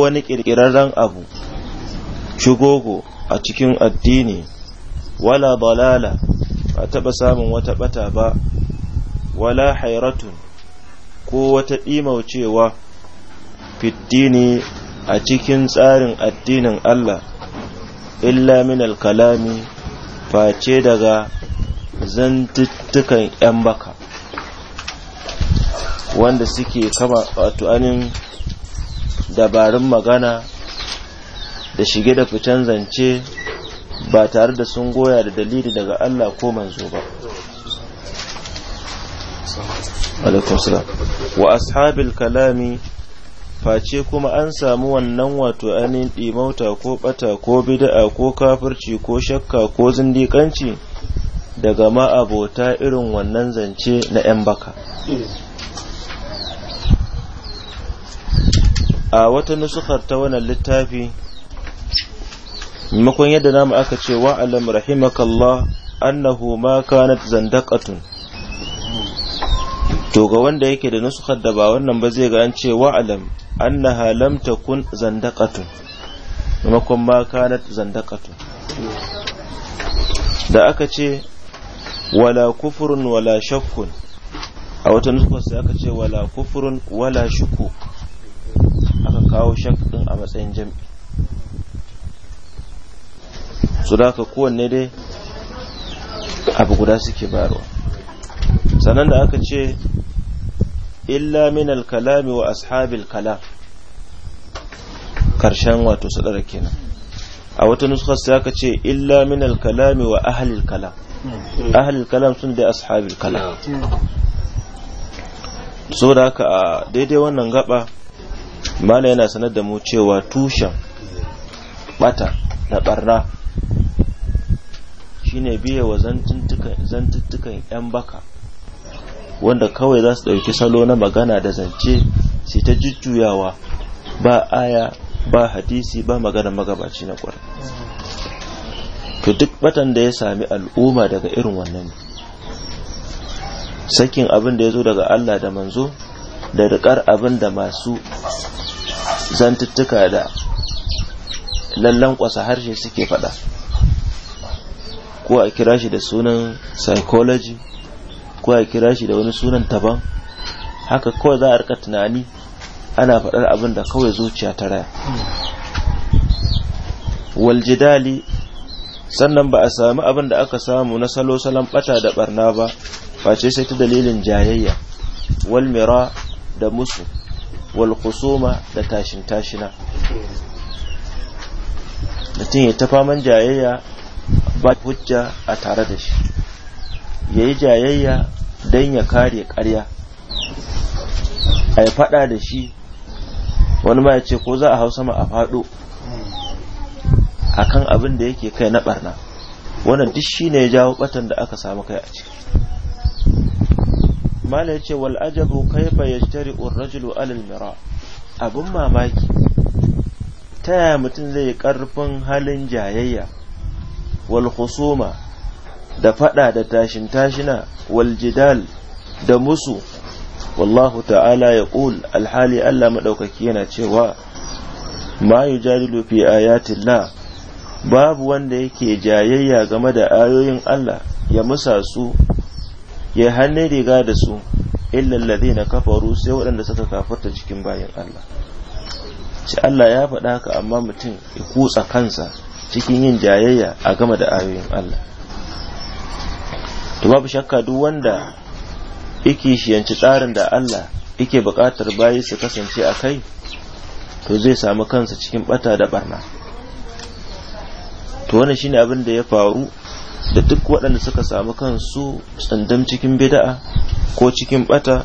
wani ƙirƙirarren abu shigogo a cikin addini wala balala ba taɓa samun wata ɓata ba wala hairatun ko wata ɗimaucewa fiddini a cikin tsarin addinin Allah illa min alkalami face daga zantuttukan 'yan baka wanda suke kama wato anin dabarun magana da shige da fitan zance ba tare da sun goya da dalili daga Allah ko manzo ba wa ashabil kalami face kuma an samu wannan wato ainihin ɗimauta ko ɓata ko bida'a ko kafirci ko shakka ko zindiƙanci daga ma abota irin wannan zance na 'yan baka. a wata nusukar ta wannan littafi makon yadda namu aka ce wa alam rahimakallah annahu ma kanat zandaqatun to ga wanda yake da nusukar da ba wannan ba zai ga an ce wa alam annaha lam takun zandaqatun makon ma kanat zandaqatun da aka ce wala kufurun wala shakkun a wata nusukar sai aka ce wala kufurun wala shukku kawo shakkin a matsayin jam'i su da haka kowanne dai abu guda suke barwa sannan da aka ce illa min alkalami wa ashabil kala. karshen wato sadara kenan a wata nuskar sai aka ce illa min alkalami wa ahlil kala. ahlil kala sun da ashabil kala. so da haka daidai wannan gaba mana yana sanar da mu cewa tushen bata na barna shine biye wa zantuttukan 'yan baka wanda kawai za su ɗauki salo na magana da zance su ta jujjuyawa ba aya ba hadisi ba magana magabaci na ƙwarar to duk batan da ya sami al'umma daga irin wannan sakin abin da ya zo daga Allah da manzo da rikar abin da masu zantuttuka da lallan kwasa harshe suke faɗa ko a kira shi da sunan psychology ko a kira shi da wani sunan taban haka kawai za a rika tunani ana faɗar abin da kawai zuciya ta raya waljidali sannan ba a sami abin da aka samu na salo salon bata da barna ba face sai ta dalilin jayayya walmira da musu wal da tashin tashina mutum ya ta faman jayayya ba hujja a tare da shi ya yi jayayya don ya kare karya a yi fada da shi wani ma ya ce ko za a hau sama a fado kan abin da yake kai na barna wannan duk shi ne ya jawo batan da aka samu kai a ciki mala yace wal ajabu kaifa yajtari ar-rajulu alal mira abun mamaki ta yaya mutum zai yi karfin halin jayayya wal khusuma da fada da tashin tashina wal jidal da musu wallahu ta'ala ya ƙul alhali Allah maɗaukaki yana cewa ma yujadilu jadilu fi ayatillah babu wanda yake jayayya game da ayoyin Allah ya musa su ya hannun riga da su illallazi na kafaru sai waɗanda suka kafarta cikin bayan Allah ci Allah ya faɗa haka amma mutum ya kutsa kansa cikin yin jayayya a gama da ayoyin Allah to babu shakka duk wanda yake shiyanci tsarin da Allah yake buƙatar bayi su kasance a kai to zai samu kansa cikin bata da ɓarna. to wannan shine abin da ya faru da duk waɗanda suka samu kansu tsandam cikin bida'a ko cikin bata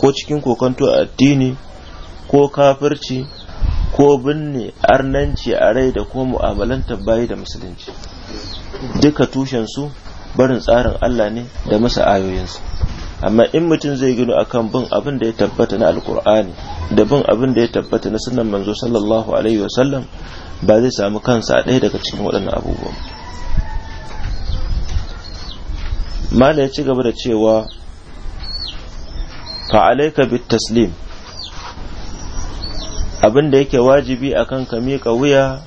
ko cikin kokonto a addini ko kafirci ko binne arnanci a rai da ko mu'amalanta bayi da musulunci duka tushensu barin tsarin Allah ne da masa ayoyinsu amma in mutum zai gino akan bin abin da ya tabbata na alkur'ani da bin abin da ya tabbata na sunan manzo sallallahu alaihi wasallam ba zai samu kansa a ɗaya daga cikin waɗannan abubuwan mala ya ci gaba da cewa fa'alaika bit taslim abin da yake wajibi akan ka miƙa wuya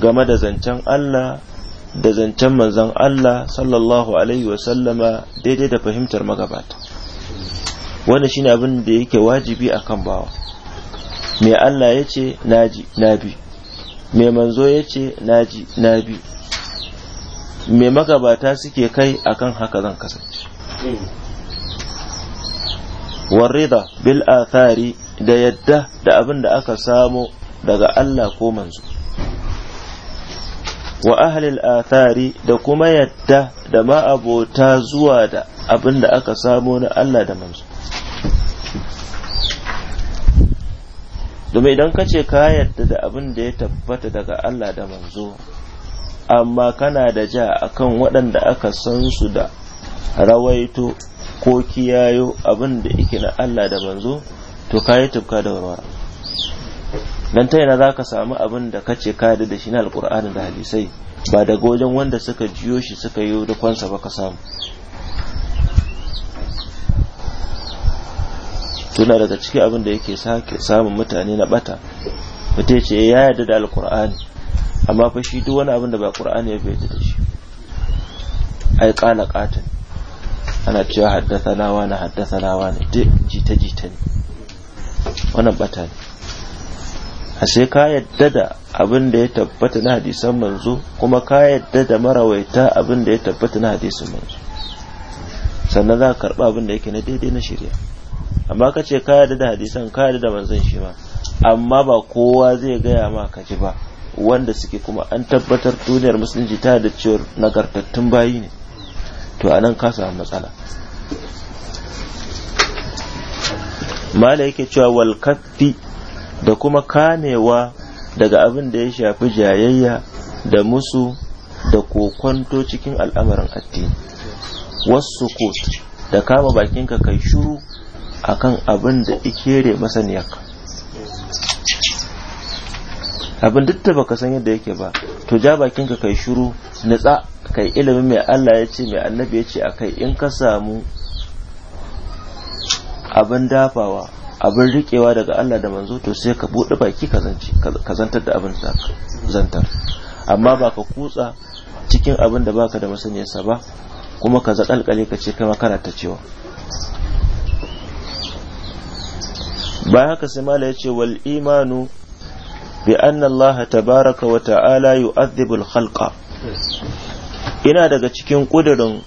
game da zancen Allah da zancen manzan Allah sallallahu alaihi wasallama daidai da fahimtar magabata wanda shine abin da yake wajibi akan bawa mai Allah ya ce naji nabi mai manzo ya ce naji bi. mai magabata suke kai akan haka zan kasance warida bil athari da yadda da abin da aka samu daga Allah ko manzo wa ahlil athari da kuma yadda da abota zuwa da abin da aka samu na Allah da manzo domin idan ka ce ka yadda da abin da ya tabbata daga Allah da manzo amma kana da ja kan waɗanda aka san su da rawaito ko kiyayo abin da na Allah da manzo to ka yi tufka da warwara don ta yana za ka samu abin da ka ce ka da shi na alƙur'ani da hadisai ba daga wajen wanda suka jiyo shi suka yi da kwansa ba ka samu tuna daga ciki abin da yake samun mutane na bata mutum ce eh, ya yarda da alƙur'ani amma fa shi duk wani abin da ba qur'ani ya bayyana da shi ai qala qatin ana cewa haddasa lawa na haddasa lawa ne duk jita jita ne wannan bata ne a sai ka yadda da abin da ya tabbata na hadisan manzo kuma ka yadda da marawaita abin da ya tabbata na hadisan manzo sannan za ka karɓi abin da yake na daidai na shirya amma ka ce ka yadda da hadisan ka yadda da manzon shi ma amma ba kowa zai gaya ma ka ji ba wanda suke kuma an tabbatar duniyar musulunci ta da cewar nagartattun bayi ne to anan ka samu matsala mala yake cewa wal da kuma kamewa daga abin da ya shafi jayayya da musu da kokwanto cikin al'amarin addini wasu da kama bakinka kai shuru akan abin da ikere masaniyarka abin duk da baka san yadda yake ba to ja bakin ka kai shiru natsa kai ilimin mai Allah ya ce mai annabi ya ce akai in ka samu abin dafawa abin riƙewa daga Allah da manzo to sai ka bude baki ka zantar da abin da zantar amma ba ka kutsa cikin abin da baka da masaniyarsa ba kuma ka zakalkale ka ce kai kana ta cewa bayan haka sai mala ya ce wal imanu bi anna Allah tabaraka wa ta'ala yu'adhibul khalqa ina daga cikin kudirin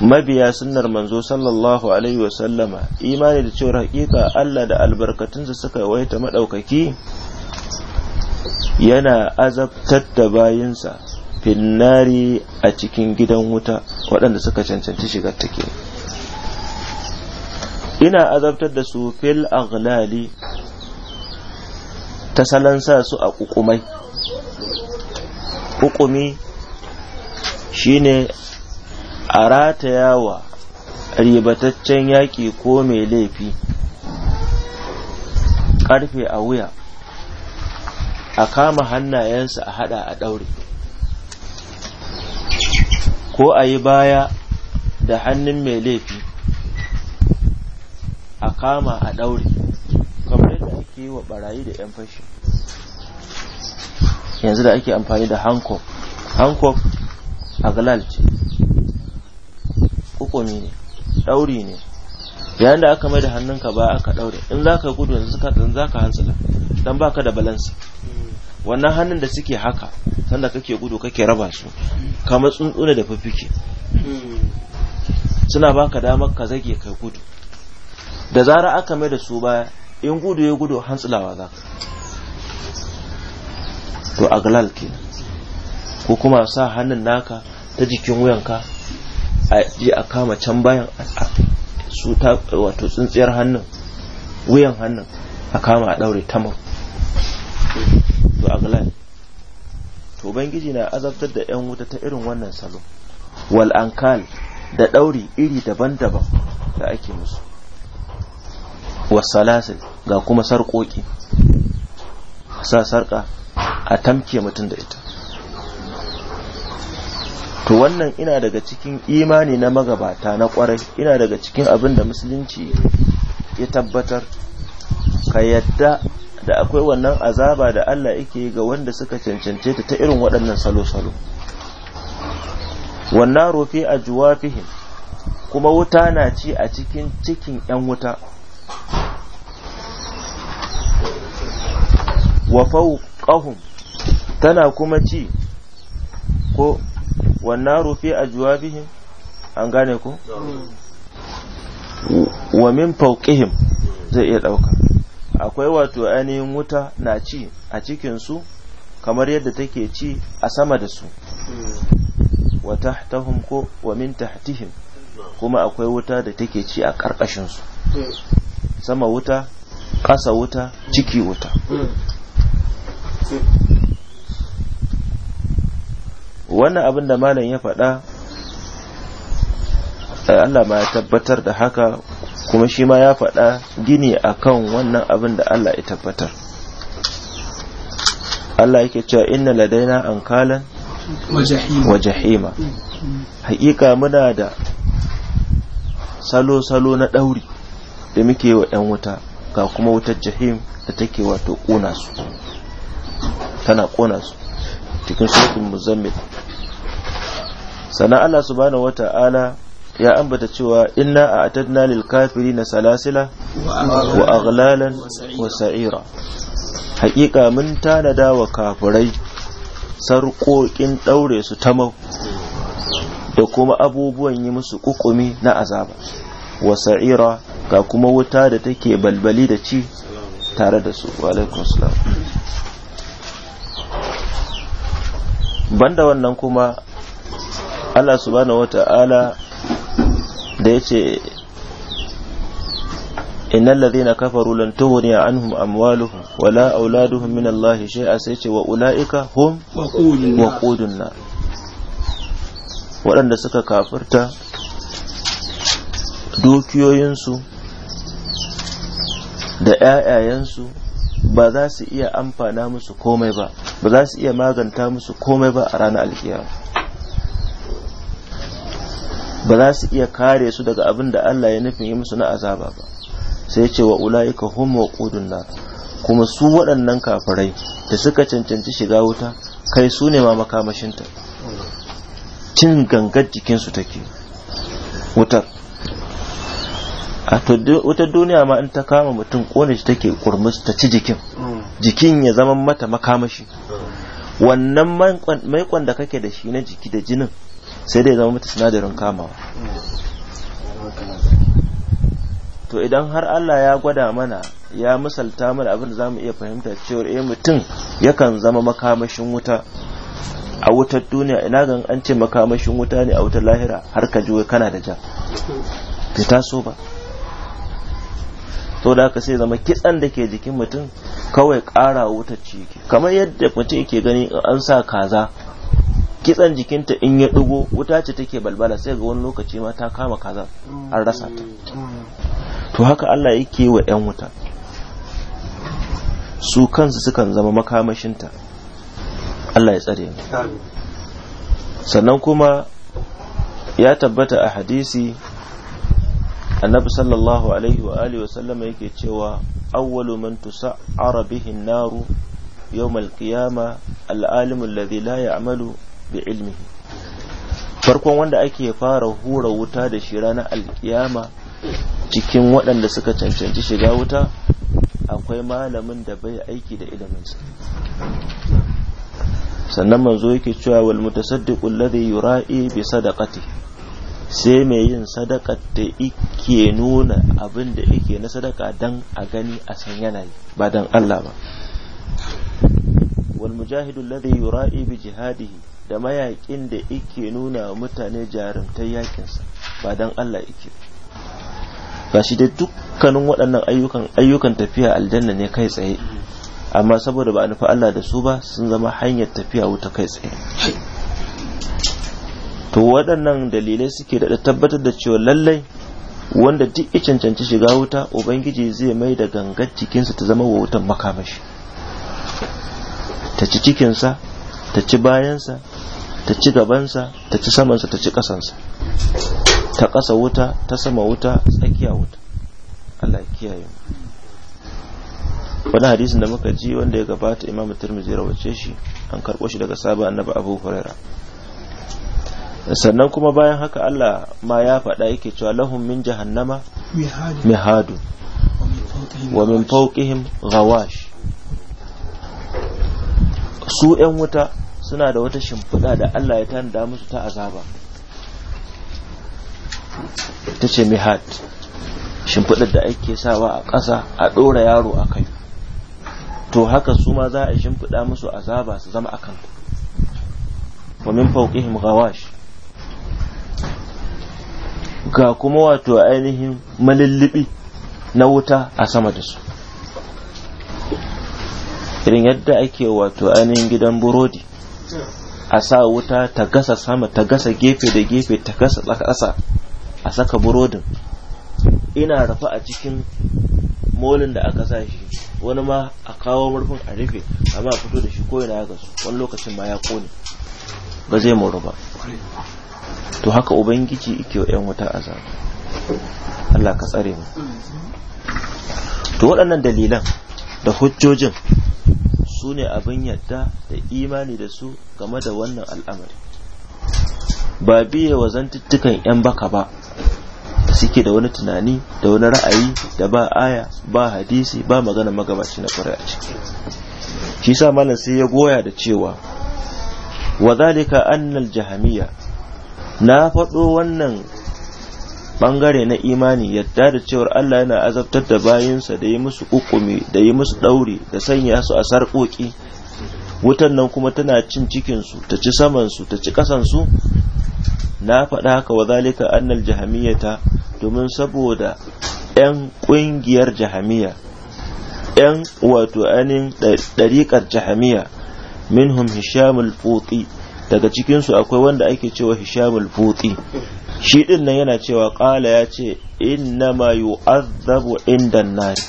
mabiya sunnar manzo sallallahu alaihi wa sallama imani da cewar hakika Allah da albarkatunsa suka waita maɗaukaki yana azabtar da bayansa finnari a cikin gidan wuta waɗanda suka cancanci shigar take ina azabtar da su fil aghlali ta salon sa su a ƙuƙumai ƙuƙumi shine a ratayawa ribataccen yaƙi ko mai laifi ƙarfe a wuya a kama hannayensa a hada a ɗaure ko a yi baya da hannun mai laifi a kama a ɗaure ake wa barayi da 'yan fashi yanzu da ake amfani da hancock hancock a galal ce kukumi ne ɗauri ne yayin da aka mai da hannunka ba aka ɗaure in za ka gudu yanzu za ka hansila don ba ka da balansa wannan hannun da suke haka sanda kake gudu kake raba su kama tsuntsuna da fafike suna baka damar ka zage kai gudu da zara aka mai da su baya in gudu ya gudu hantsulawa za to a galal ke ko kuma sa hannun naka ta jikin wuyanka a ji a kama can bayan su ta wato tsintsiyar hannun wuyan hannun a kama a ɗaure tamar to a galal to ubangiji na azabtar da yan wuta ta irin wannan salo wal ankal da ɗauri iri daban-daban da ake musu wasu wasalasil ga kuma sarƙoƙi sa sarƙa a tamke mutum da ita to wannan ina daga cikin imani na magabata na ƙwarai, ina daga cikin abin da musulunci ya tabbatar ka yadda da akwai wannan azaba da Allah yake ga wanda suka cancance ta ta irin waɗannan salo-salo wannan rufi a juwafihim kuma wuta na ci a cikin cikin 'yan wuta wa fawqahum tana kuma ci ko wannan rufe a juwabihim an gane ko wa min fawqihim zai iya ɗauka akwai wato ainihin wuta na ci a cikinsu kamar yadda take ci a sama da su wa tahtahum ko wa min tahtihim kuma akwai wuta da take ci a ƙarƙashinsu sama wuta ƙasa wuta ciki wuta wannan abin da malam ya faɗa eh, Allah ma ya tabbatar da haka kuma shi ma ya faɗa gini a kan wannan abin da Allah ya tabbatar Allah yake cewa inna ladaina an kalan wa jahima haƙiƙa muna da salo-salo na ɗauri da muke wa ‘yan wuta ga kuma wutar jahim da take wato ƙuna su tana kona su cikin shirkin muzammil sana Allah subhanahu wata'ala ya ambata cewa inna a a'tadna lil na salasila wa aghlalan wa sa'ira haƙiƙa mun tanada wa kafirai sarƙoƙin ɗaure su ta da kuma abubuwan yi musu ƙuƙumi na azaba wa sa'ira ga kuma wuta da take balbali da ci tare da su wa banda wannan kuma Allah subhanahu ta’ala da ya ce innal ladhina kafaru lan tughni anhum amwaluhum wala auladuhum min Allah shay'a sai ce wa ulaika hum wa nar waɗanda suka kafirta dukiyoyinsu da ‘ya'yayensu ba za su iya amfana musu komai ba ba za su iya maganta musu komai ba a ranar alkiyama ba za su iya kare su daga abin da Allah ya nufin yi musu na azaba ba sai ce wa ula'ika hum waqudun nar kuma su waɗannan kafirai da suka cancanci shiga wuta kai su ne ma makamashinta cin gangar jikinsu take wutar a to wata duniya ma in ta kama mutum kone shi take kurmus ta ci jikin jikin ya zama mata makamashi wannan maikon da kake da shi na jiki da jinin sai dai zama mata sinadarin kamawa to idan har Allah ya gwada mana ya misalta mana abin da za mu iya fahimta cewa eh mutum yakan zama makamashin wuta a wutar duniya ina gan an ce makamashin wuta ne a wutar lahira har ka juwe kana da ja bai taso ba to da ka sai zama kitsan da ke jikin mutum kawai ƙara wuta ciki kamar yadda mutum yake gani an sa kaza kitsan jikinta in ya ɗigo wuta ce take balbala sai ga wani lokaci ma ta kama kaza an rasa ta to haka Allah yake wa 'yan wuta su kansu sukan zama makamashinta Allah ya tsare sannan kuma ya tabbata a hadisi annabi sallallahu alaihi wa alihi wasallama yake cewa awwalu man tusa'ara bihi naru yawm al-qiyama al-alimu alladhi la ya'malu bi ilmihi farkon wanda ake fara hura wuta da shi ranar alkiyama cikin waɗanda suka cancanci shiga wuta akwai malamin da bai aiki da iliminsa sannan manzo yake cewa wal mutasaddiqu alladhi yura'i bi sadaqati sai mai yin sadaka da ike nuna abin da ike na sadaka dan a gani a san yanayi ba don Allah ba wal mujahidu alladhi yura'i bi jihadihi da mayakin da ike nuna mutane jarumtai yakinsa ba don Allah ike shi da dukkanin waɗannan ayyukan ayyukan tafiya aljanna ne kai tsaye amma saboda ba a nufi Allah da su ba sun zama hanyar tafiya wuta kai tsaye to waɗannan dalilai suke daɗa tabbatar da cewa lallai wanda duk ya cancanci shiga wuta ubangiji zai mai da gangar jikinsa ta zama wa wutan makamashi ta ci cikinsa ta ci bayansa ta ci gabansa ta ci samansa ta ci ƙasansa ta ƙasa wuta ta sama wuta tsakiya wuta Allah kiyaye wani hadisin da muka ji wanda ya gabata imamu zai rawace shi an karɓo shi daga sabon annaba abu hurairah sannan kuma bayan haka Allah ma ya faɗa yake cewa lahum min jahannama mihadu wa min fawqihim ghawash su ‘yan wuta suna da wata shimfiɗa da Allah ya tanda musu ta azaba ta ce mihad shimfiɗar da ake sawa a ƙasa a ɗora yaro a kai to haka su ma za a shimfiɗa musu azaba su zama a kan wa min fawqihim ghawash ga kuma wato ainihin malillibi na wuta a sama da su irin yadda ake wato ainihin gidan burodi a sa wuta ta gasa sama ta gasa gefe da gefe ta gasa ƙasa a saka burodin ina rafa a cikin molin da aka sa shi wani ma a kawo murfin a rufe amma a fito da shi ko ina ya gasu wani lokacin ma ya kone ba zai moru ba to haka ubangiji yake wa yan wuta azaba Allah ka tsare mu to waɗannan dalilan da hujjojin su ne abin yadda da imani da su game da wannan al'amari ba biye wa zantuttukan 'yan baka ba suke da wani tunani da wani ra'ayi da ba aya ba hadisi ba magana magabaci na kwarai shi sa malam sai ya goya da cewa wa zalika annal jahamiyya na faɗo wannan bangare na imani yadda da cewar Allah yana azabtar da bayansa da yi musu ƙuƙumi da yi musu ɗauri da sanya su a sarƙoƙi wutan nan kuma tana cin cikinsu ta ci samansu ta ci ƙasansu na faɗa haka wa zalika annal jahamiyata domin saboda 'yan ƙungiyar jahamiya 'yan wato ainihin ɗariƙar jahamiya minhum hishamul futi daga cikinsu akwai wanda ake cewa hishamul futi shi din nan yana cewa ƙala ya ce innama yu'azzabu inda nari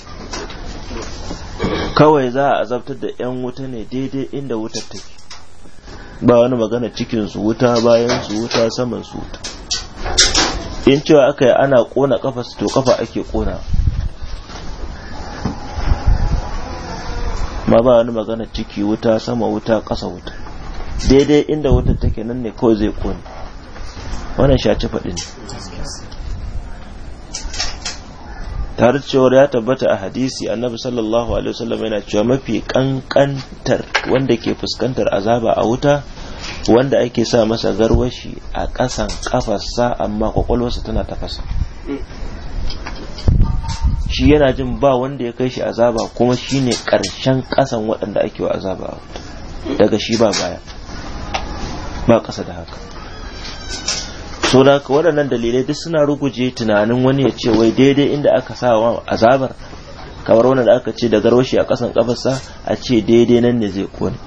kawai za a azabtar da 'yan wuta ne daidai inda wutar take ba wani magana cikin wuta bayan su wuta saman su in cewa aka yi ana kona kafa to kafa ake kona ma ba wani magana ciki wuta sama wuta kasa wuta daidai inda wutar take nan ne kawai zai kone wannan shaci faɗi ne tare cewar ya tabbata a hadisi annabi sallallahu alaihi wasallam yana cewa mafi kankantar wanda ke fuskantar azaba a wuta wanda ake sa masa garwashi a ƙasan kafarsa amma kwakwalwarsa tana tafasa shi yana jin ba wanda ya kai shi azaba kuma shine ƙarshen ƙasan waɗanda ake wa azaba a wuta daga shi ba baya ba ƙasa da haka so da haka waɗannan dalilai duk suna ruguje tunanin wani ya ce wai daidai inda aka sa wa azabar kamar wani da aka ce da garwashi a ƙasan kafarsa a ce daidai nan ne zai kone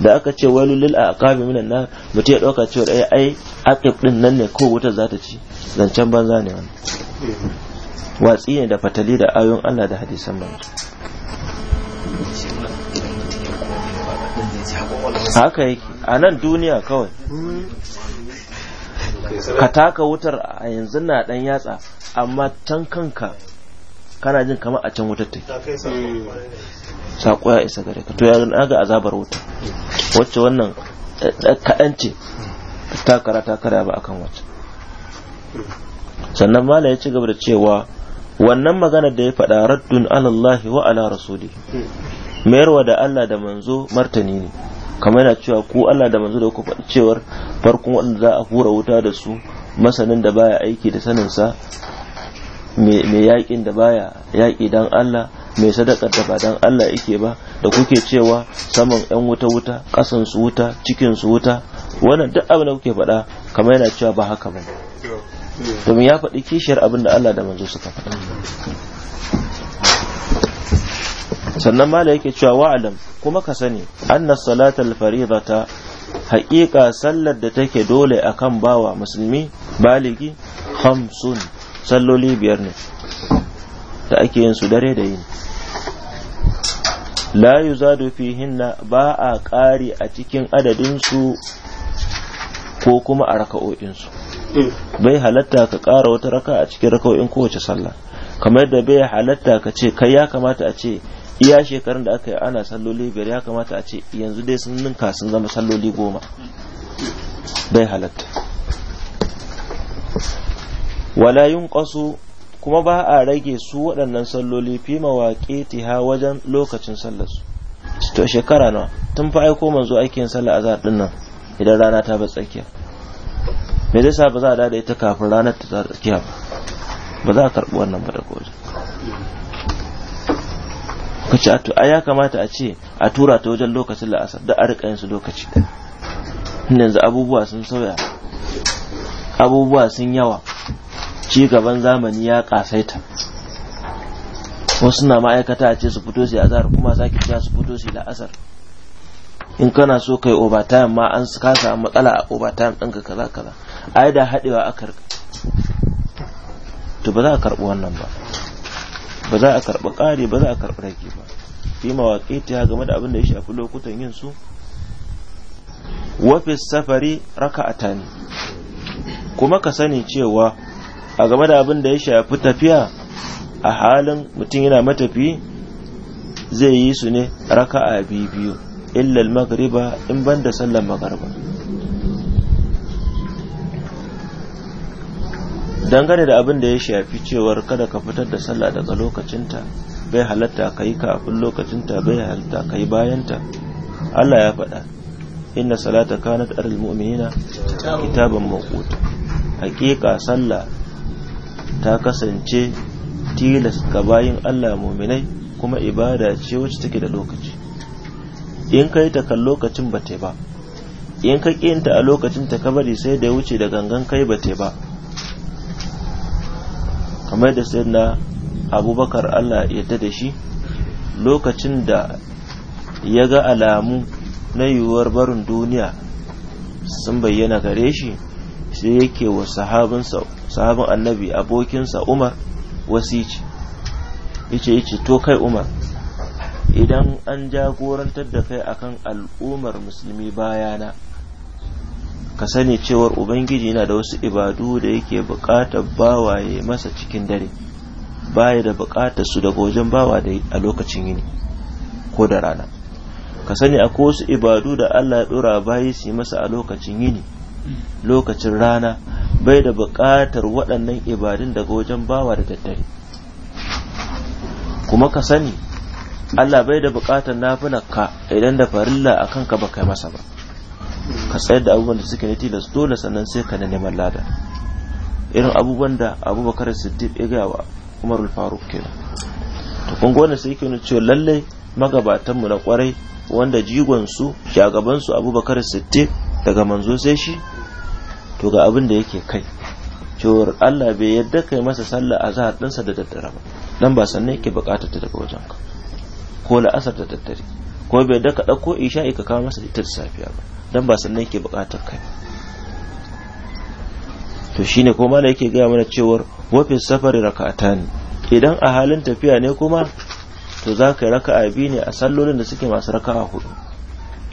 da aka ce lulul a aqabi minan na mutum ya ɗauka cewa ɗaya ai aqib ɗin nan ne ko wutar za ta ci zancen banza ne wani. watsi ne da fatali da ayoyin Allah da hadisan manzo haka yake a nan duniya kawai ka taka wutar a yanzu na dan yatsa amma can kanka kana jin kamar a can wutar take sako ya isa gare ka to ya ga azabar wuta wacce wannan eh, eh, kaɗan ce takara takara ba akan wacce sannan mala ya ci gaba da cewa wannan magana da ya faɗa raddun alallahi wa ala rasuli mayarwa da Allah da manzo martani ne kamar yana cewa ku Allah da manzo da ku faɗi cewar farkon wanda za a hura wuta da su masanin da baya aiki da sanin sa mai yaƙin da baya yaƙi dan Allah mai sadaka da ba dan Allah yake ba da kuke cewa saman yan wuta wuta kasan su wuta cikin su wuta wannan duk abin da kuke faɗa kamar yana cewa ba haka bane domin ya faɗi kishiyar abin da Allah da manzo suka faɗa sannan mala yake cewa wa'alam kuma ka sani anna salatal faridata haƙiƙa sallar da take dole akan bawa musulmi baligi hamsun salloli biyar ne da ake yin su dare da yini la yuzadu hinna ba a ƙari a cikin adadinsu ko kuma a raka'o'insu bai halatta ka ƙara wata raka a cikin raka'o'in kowace sallah kamar da bai halatta ka ce kai ya kamata a ce iya shekarun da aka yi ana salloli biyar ya kamata a ce yanzu dai sun ninka sun zama salloli goma bai halatta wala yun kuma ba a rage su waɗannan salloli fi mawaƙe tiha wajen lokacin sallarsu to shekara nawa tun fa aiko manzo aikin sallar a din nan idan rana ta ba tsakiya me zai sa ba za a dada ita kafin ranar ta tsakiya ba ba za a karɓi wannan ba da kuka ce a ya kamata a ce a tura ta wajen lokacin la'asar da a su lokaci yanzu abubuwa sun sauya abubuwa sun yawa ci gaban zamani ya kasaita wasu na ma'aikata a ce su fito su azar kuma sake cewa su fito su la'asar in kana so kai overtime ma an ka samu matsala a overtime ɗinka kaza kaza ai da haɗewa aka to ba za a karɓi wannan ba ba za a karɓi ƙari ba za a karɓi rage ba fi mawaƙi ta game da abin da ya shafi lokutan yin su wafis safari a tani kuma ka sani cewa a game da abin da ya shafi tafiya a halin mutum yana matafi zai yi su ne raka biyu biyu illal magariba in ban da sallar magariba dangane da abin da ya shafi cewar kada ka fitar da sallah daga lokacinta bai halatta ka yi kafin lokacinta bai halatta ka yi bayanta Allah ya faɗa inna salata kanat alal mu'minina kitaban mawqut haƙiƙa sallah ta kasance tilas ga bayin Allah mu'minai kuma ibada ce wacce take da lokaci in kai ta kan lokacin ba ta ba in ka kinta a lokacin ta kabari sai da ya wuce da gangan kai ba ta ba kamar da na abubakar allah ya ta da shi lokacin da ya ga alamu na yiwuwar barin duniya sun bayyana gare shi sai yake wa sahabin annabi abokinsa umar wasici yace yace to kai umar idan an jagorantar da kai akan al'ummar musulmi bayana ka sani cewar ubangiji yana da wasu ibadu da yake buƙatar bawaye masa cikin dare baya da buƙatar su daga wajen bawa da a lokacin yini ko da rana ka sani akwai wasu ibadu da Allah ya dora bayi su masa a lokacin yini lokacin rana bai da buƙatar waɗannan ibadun daga wajen bawa da daddare kuma ka sani Allah bai da buƙatar ka idan da farilla a kanka baka masa ba ka tsayar da abubuwan da suke na tilas dole sannan sai ka na neman lada irin abubuwan da abubakar siddiq ya gaya wa umar faruk kenan to kun wannan sai ke cewa lallai magabatan mu na kwarai wanda jigon su shagaban su abubakar siddiq daga manzo sai shi to ga abin da yake kai cewar Allah bai yadda kai masa sallah azhar dinsa da daddare ba dan ba sannan yake bukatar ta daga wajenka ko la'asar da daddare ko bai da ka ɗauko isha ka kawo masa ita da safiya ba dan ba sannan yake buƙatar kai to shine ko mala yake gaya mana cewar wafin safari ne idan a halin tafiya ne kuma to za ka yi raka'a biyu ne a sallolin da suke masu raka'a hudu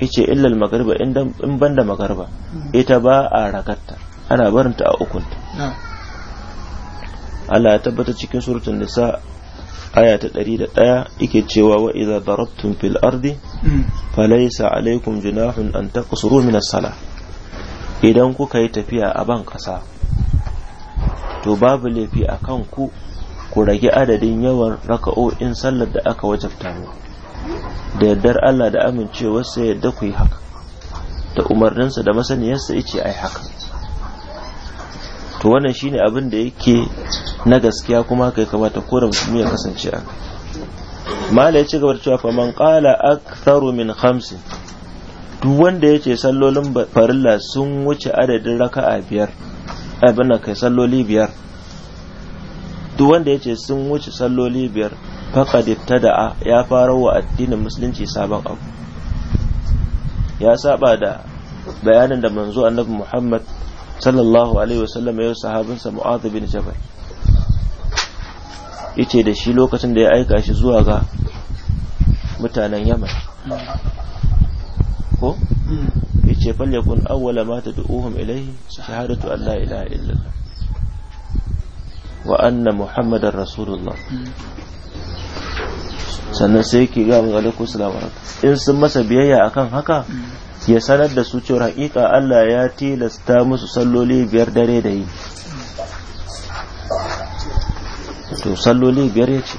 ice illal magarba in banda magarba hmm. ita ba a rakatta ana barinta a ukunta Allah ya tabbata cikin suratun nisa aya ta ɗari da ɗaya yake cewa wa idza darabtum fil ardi mm. laysa alaikum junahun an taqsuru min as-salah idan kuka yi tafiya a ban ƙasa to babu laifi a kan ku ku rage adadin yawan raka'o'in sallar da aka wajabta mu da yardar Allah da amincewarsa yadda ku yi haka da umarninsa da masaniyarsa yace ai haka to wannan shine abin da yake na gaskiya kuma haka ya kamata ko musulmi ya kasance a mala ya ci gaba da cewa man qala aktharu min khamsin duk wanda ya ce sallolin farilla sun wuce adadin raka'a biyar abin kai salloli biyar duk wanda ya ce sun wuce salloli biyar faqad ibtada'a ya fara wa addinin musulunci sabon abu ya saba da bayanin da manzo annabi Muhammad sallallahu alaihi wasallam ya sahabinsa mu'adh bin jabal yace da shi lokacin da ya aika shi zuwa ga mutanen yaman ko yace fal yakun awwala ma tad'uhum ilayhi shahadatu an la ilaha illallah wa anna muhammadar rasulullah sannan sai ke ga ga alaikum salam in sun masa biyayya akan haka ya sanar da su cewar haƙiƙa Allah ya tilasta musu salloli biyar dare da yi to salloli biyar ya ce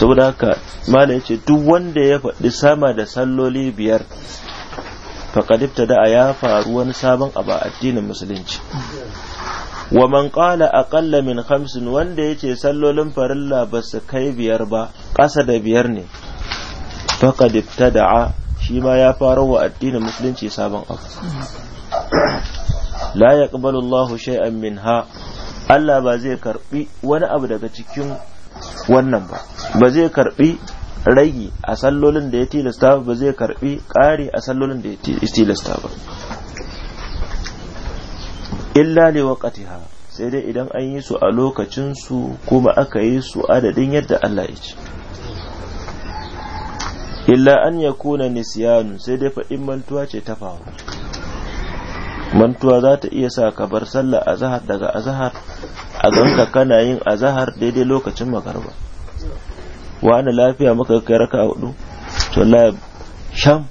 saboda haka mana ya ce duk wanda ya faɗi sama da salloli biyar faƙadifta da a ya faru wani sabon abu a addinin musulunci wa man ƙala aƙalla min hamsin wanda ya ce sallolin farilla ba su kai biyar ba ƙasa da biyar ne da a shi ma ya fara wa addinin musulunci sabon abu la yaqbalu Allahu shay'an minha Allah ba zai karbi wani abu daga cikin wannan ba ba zai karbi ragi a sallolin da ya tilasta ba zai karbi ƙari a sallolin da ya tilasta ba illa li waqatiha sai dai idan an yi su a lokacin su kuma aka yi su adadin yadda Allah ya ce illa an ya kuna nisiyanu sai dai faɗin mantuwa ce ta faru mantuwa za ta iya sa ka bar sallah azahar daga azahar a ganka kana yin azahar daidai lokacin magarba wani lafiya maka kai raka hudu to la sham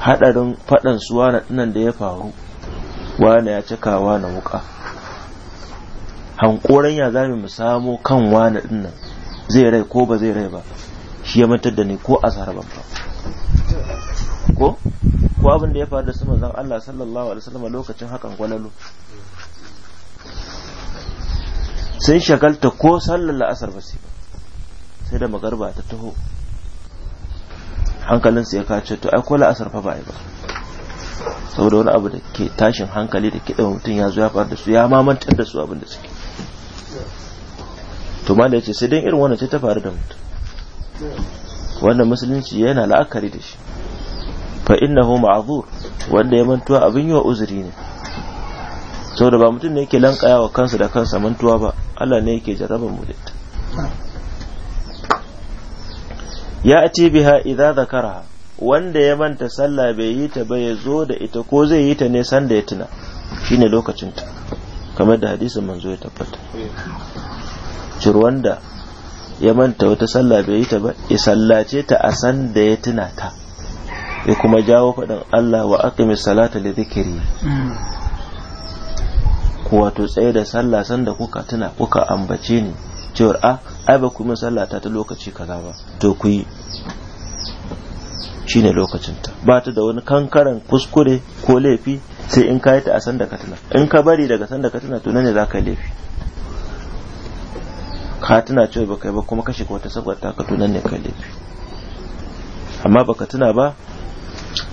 hadarin faɗan suwa wani dinan da ya faru wani ya cika wani wuka hankoran ya zami mu samo kan wani ɗinan zai rai ko ba zai rai ba shi ya matar da ni ko a ban ba ko ko abin da ya faru da su manzan Allah sallallahu alaihi wasallam lokacin hakan gwalalo sun shagalta ko sallar la'asar ba sai sai da magarba ta taho Hankalin sai ya kace to ai ko la'asar fa ba ai ba saboda wani abu da ke tashin hankali da kiɗa mutum ya zo ya faru da su ya mamantar da su abin da suke to mala ce sai dan irin wannan ce ta faru da mutum wannan musulunci yana la'akari da shi fa innahu ma'zur wanda ya mantuwa abin yi uzuri ne saboda ba mutum ne yake lankaya wa kansa da kansa mantuwa ba Allah ne yake jarraba mu da ita ya ati biha idza zakaraha wanda ya manta sallah bai yi ta ba ya zo da ita ko zai yi ta ne sanda ya tuna shine lokacin ta kamar da hadisin manzo ya tabbata cirwan da ya manta wata sallah bai yi ta ba ya sallace ta a san da ya tuna ta ya kuma jawo faɗin Allah wa aka salata da zikiri mm. ku wato tsaye da sallah san da kuka tuna kuka ambace ni cewar a ah, ai ba ku yi ta ta lokaci kaza ba to ku yi shine lokacin ta ba ta da wani kankaran kuskure ko laifi sai in ka yi ta a san da ka tuna in ka bari daga sanda da ka tuna to ne za ka laifi ka tuna cewa baka yi ba kuma kashe wata saboda ta kato nan ne kai laifi amma baka tuna ba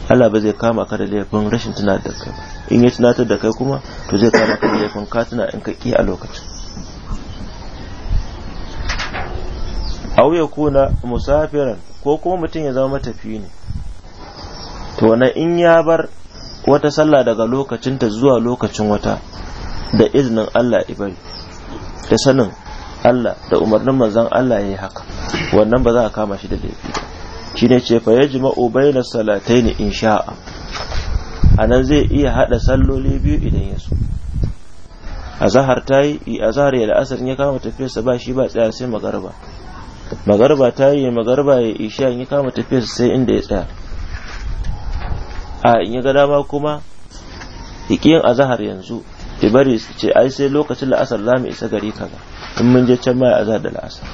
Allah ba zai kama ka da laifin rashin tuna da kai in ya tunatar da kai kuma to zai kama ka da laifin ka tuna in ka ki a lokacin aw ya kuna musafiran ko kuma mutum ya zama matafi ne to na in ya bar wata sallah daga lokacinta zuwa lokacin wata da izinin Allah ibari da sanin Allah da umarnin manzon Allah yayi haka wannan ba za a kama shi da laifi shi ne ce fa yajma'u salatai salataini in sha'a anan zai iya hada salloli biyu idan ya so azahar ta yi ya da in ya kama tafiyarsa ba shi ba tsaya sai magarba magarba ta yi magarba ya isha in ya kama tafiyarsa sai inda ya tsaya a in ya ga dama kuma ikiyin azahar yanzu ki bari ce ai sai lokacin la'asar za mu isa gari kaza in mun je can baya azhar da la'asar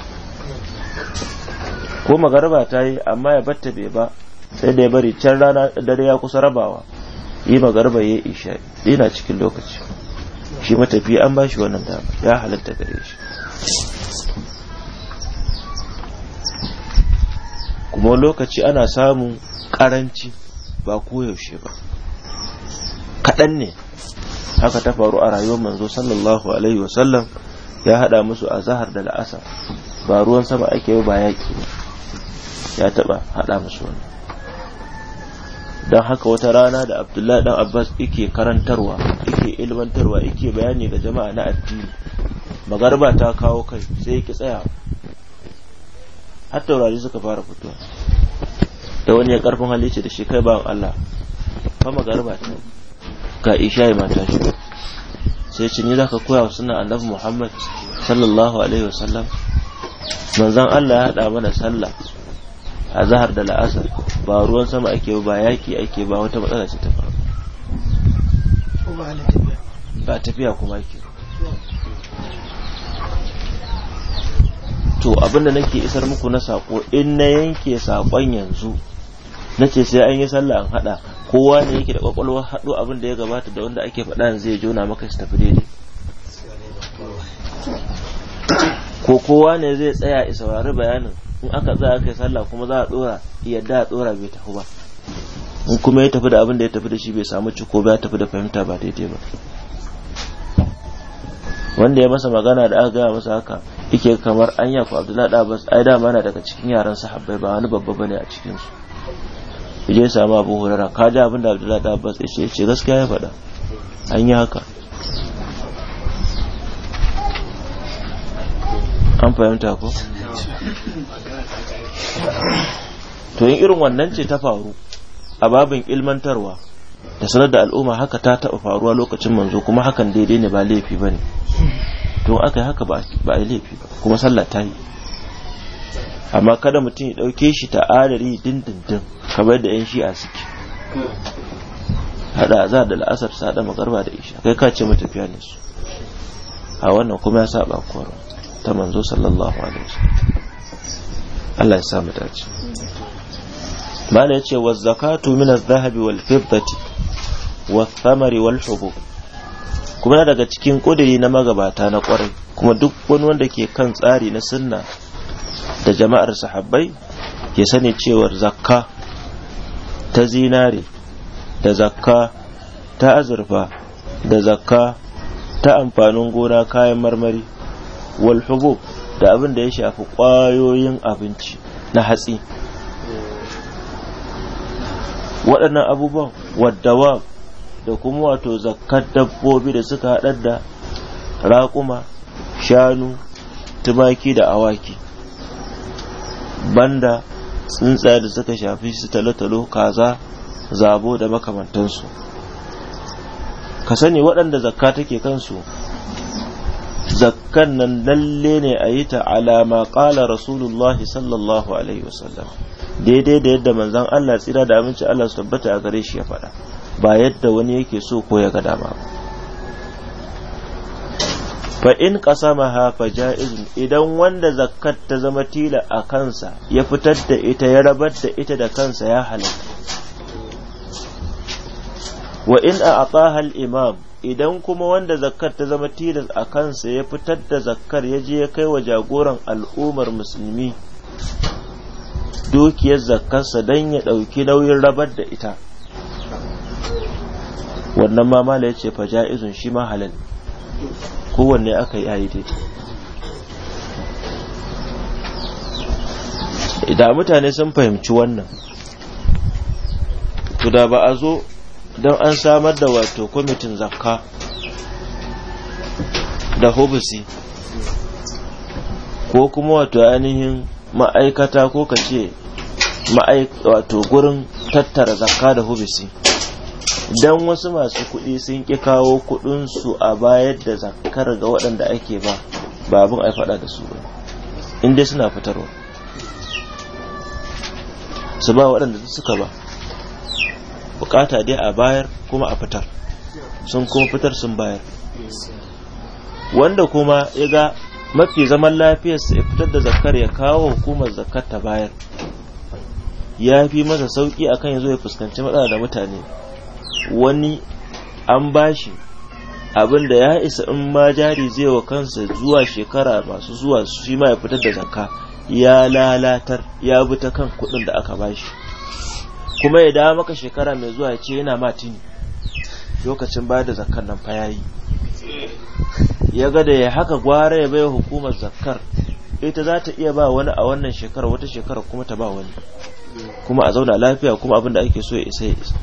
ko magaraba ta yi amma ya batta bai ba sai da ya bari can rana dare ya kusa rabawa yi magaraba ya isha yana cikin lokaci shi matafi an ba shi wannan dama ya halatta gare shi kuma lokaci ana samun karanci ba koyaushe ba kaɗan ne haka ta faru a rayuwar manzo sallallahu alaihi wasallam ya hada musu a zahar da la'asa ba ruwan sama ake yi ba yaƙi ya taba hada musu wani don haka wata rana da abdullahi dan abbas ike karantarwa ike ilmantarwa ike bayani ga jama'a na addini magarba ta kawo kai sai ki tsaya har taurari suka fara fitowa da wani ya karfin halice da shi kai bawan allah fa magarba ta ga isha mata shi sai ce ni zaka koya wa sunan annabi Muhammad sallallahu alaihi wasallam manzon Allah ya hada mana sallah a zahar da la'asar ba ruwan sama ake ba yaki ake ba wata matsala ce ta faru ba tafiya kuma ke to abinda nake isar muku na sako in na yanke sakon yanzu nace sai an yi sallah an hada kowa ne yake da kwakwalwar haɗu abin da ya gabata da wanda ake faɗa zai jona maka su tafi daidai ko kowa ne zai tsaya isa saurari bayanin in aka tsaya aka yi sallah kuma za a ɗora yadda a ɗora bai tafi ba in kuma ya tafi da abin da ya tafi da shi bai samu ciko ba ya tafi da fahimta ba daidai ba wanda ya masa magana da aka gaya masa haka yake kamar anya ku abdullahi da ai dama daga cikin yaran sahabbai ba wani babba bane a cikinsu ya je samu abu hurara ka ji abin da abdullahi da abbas ya ce gaskiya ya faɗa an yi haka an fahimta ko to yin irin wannan ce ta faru a babin ilmantarwa da sanar da al'umma haka ta taɓa faruwa lokacin manzo kuma hakan daidai ne ba laifi ba ne to aka yi haka ba a laifi ba kuma sallah ta yi amma kada mutum ya ɗauke shi ta'adari dindindin kamar da 'yan shi'a suke hada za da la'asar su hada magarba da isha kai kace mata matafiya ne su a wannan kuma ya saba koro ta manzo sallallahu alaihi wasallam Allah ya sa mu dace mala yace wa zakatu min az-zahabi wal fiddati wa thamari wal hubub kuma daga cikin kudiri na magabata na kwarai kuma duk wani wanda ke kan tsari na sunna da jama'ar sahabbai ya sani cewar zakka ta zinare da zakka ta azurfa da zakka ta amfanin gona kayan marmari walhubu da abin da ya shafi ƙwayoyin abinci na hatsi waɗannan abubuwan waddawa da kuma wato zakkar dabbobi da suka haɗar da raƙuma shanu tumaki da awaki banda tsuntsaye da suka shafi su talo-talo kaza zabo da makamantansu ka sani waɗanda zakka take kansu zakkan nan lalle ne a yi ta alama ƙala rasulullah sallallahu alaihi wasallam daidai da yadda manzan Allah tsira da aminci Allah su tabbata a gare shi ya faɗa ba yadda wani yake so ko ya ga dama ba fa in qasamaha fa ja'izun idan wanda zakat ta zama tila a kansa ya fitar da ita ya rabar da ita da kansa ya halatta wa in a al imam idan kuma wanda zakkar ta zama tilas a kansa ya fitar da zakkar ya je ya kai wa jagoran al'ummar musulmi dukiyar zakkarsa don ya ɗauki nauyin rabar da ita wannan mamala ya ce fa ja'izun shi ma halal kowanne aka yi ayi dai? idan mutane sun fahimci wannan to da ba a zo don an samar da wato kwamitin zakka da hobisi ko kuma wato ainihin ma'aikata ko ka ce wato gurin tattara zakka da hubisi. dan wasu masu kuɗi sun ƙi kawo kuɗinsu a bayar da zakar ga waɗanda ake ba ba abin a faɗa da su ba in dai suna fitarwa su ba waɗanda suka ba bukata dai a bayar kuma a fitar sun kuma fitar sun bayar wanda kuma ya ga mafi zaman lafiyarsa ya fitar da zakar ya kawo hukumar zakar ta bayar ya fi masa sauƙi akan ya zo ya fuskanci matsala da mutane wani an bashi abin da ya isa in ma jari zai wa kansa zuwa shekara masu zuwa shi ma ya fitar da zakka ya lalatar ya bi ta kan kuɗin da aka bashi kuma ya dawo maka shekara mai zuwa ya ce yana matini lokacin ba da zakkar nan fa yayi ya ga da ya haka gwara ya bai hukumar zakkar ita za ta iya ba wani a wannan shekara wata shekara kuma ta ba wani kuma a zauna lafiya kuma abin da ake so ya isa ya isa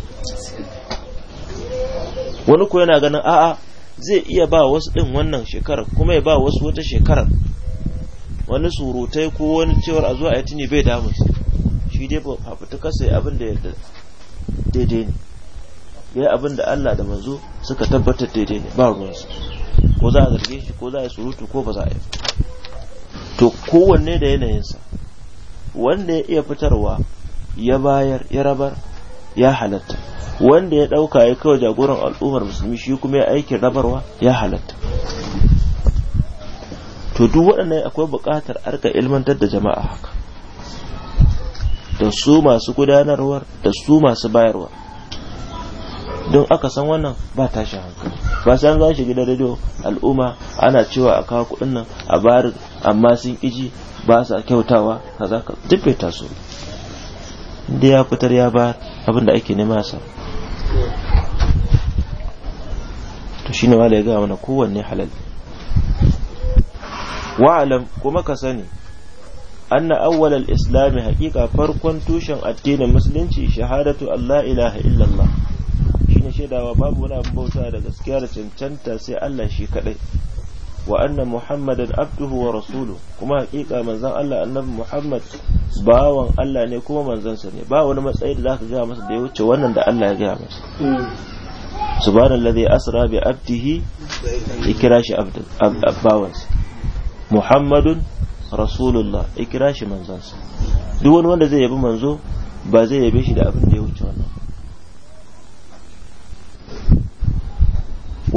wani ko yana ganin a'a zai iya ba wasu ɗin wannan shekarar kuma ya ba wasu wata shekarar wani surutai ko wani cewar a zuwa a tuni bai damu shi dai ba kasa ya abin da ya daidai ne ya yi abin da Allah da manzo suka tabbatar daidai ne ba ruwansu ko za a zarge shi ko za a yi surutu ko ba za a yi to kowanne da yanayinsa wanda ya iya fitarwa ya bayar ya rabar ya halatta wanda ya ɗauka ya kawai jagoran al'ummar musulmi shi kuma ya aikin rabarwa ya halatta to duk waɗannan akwai buƙatar arka ilmantar da jama'a haka da su masu gudanarwar da su masu bayarwa don aka san wannan ba tashin hankali ba san za shi gidan rediyo al'umma ana cewa a kawo kuɗin nan a barin amma sun ƙiji ba sa kyautawa kaza ka duk bai taso inda ya fitar ya ba abin da ake nema sa to shine ma da ya gaya mana kowanne halal wa'alam kuma ka sani anna awwalal islami haƙiƙa farkon tushen addinin musulunci shahadatu Allah ilaha illallah shine shaidawa babu wani abin bauta da gaskiya da cancanta sai Allah shi kadai wa annan muhammadan abduhu wa rasuluhu kuma hakika manzon Allah annabi muhammad bawan Allah ne kuma manzansa ne ba wani matsayi da zaka gaya masa da ya wuce wannan da Allah ya gaya masa hmm. subhanallazi asra bi abdihi ikra shi muhammadun rasulullah ikra shi manzansa duk wani wanda zai yabi manzo ba zai yabe shi da abin da ya wuce wannan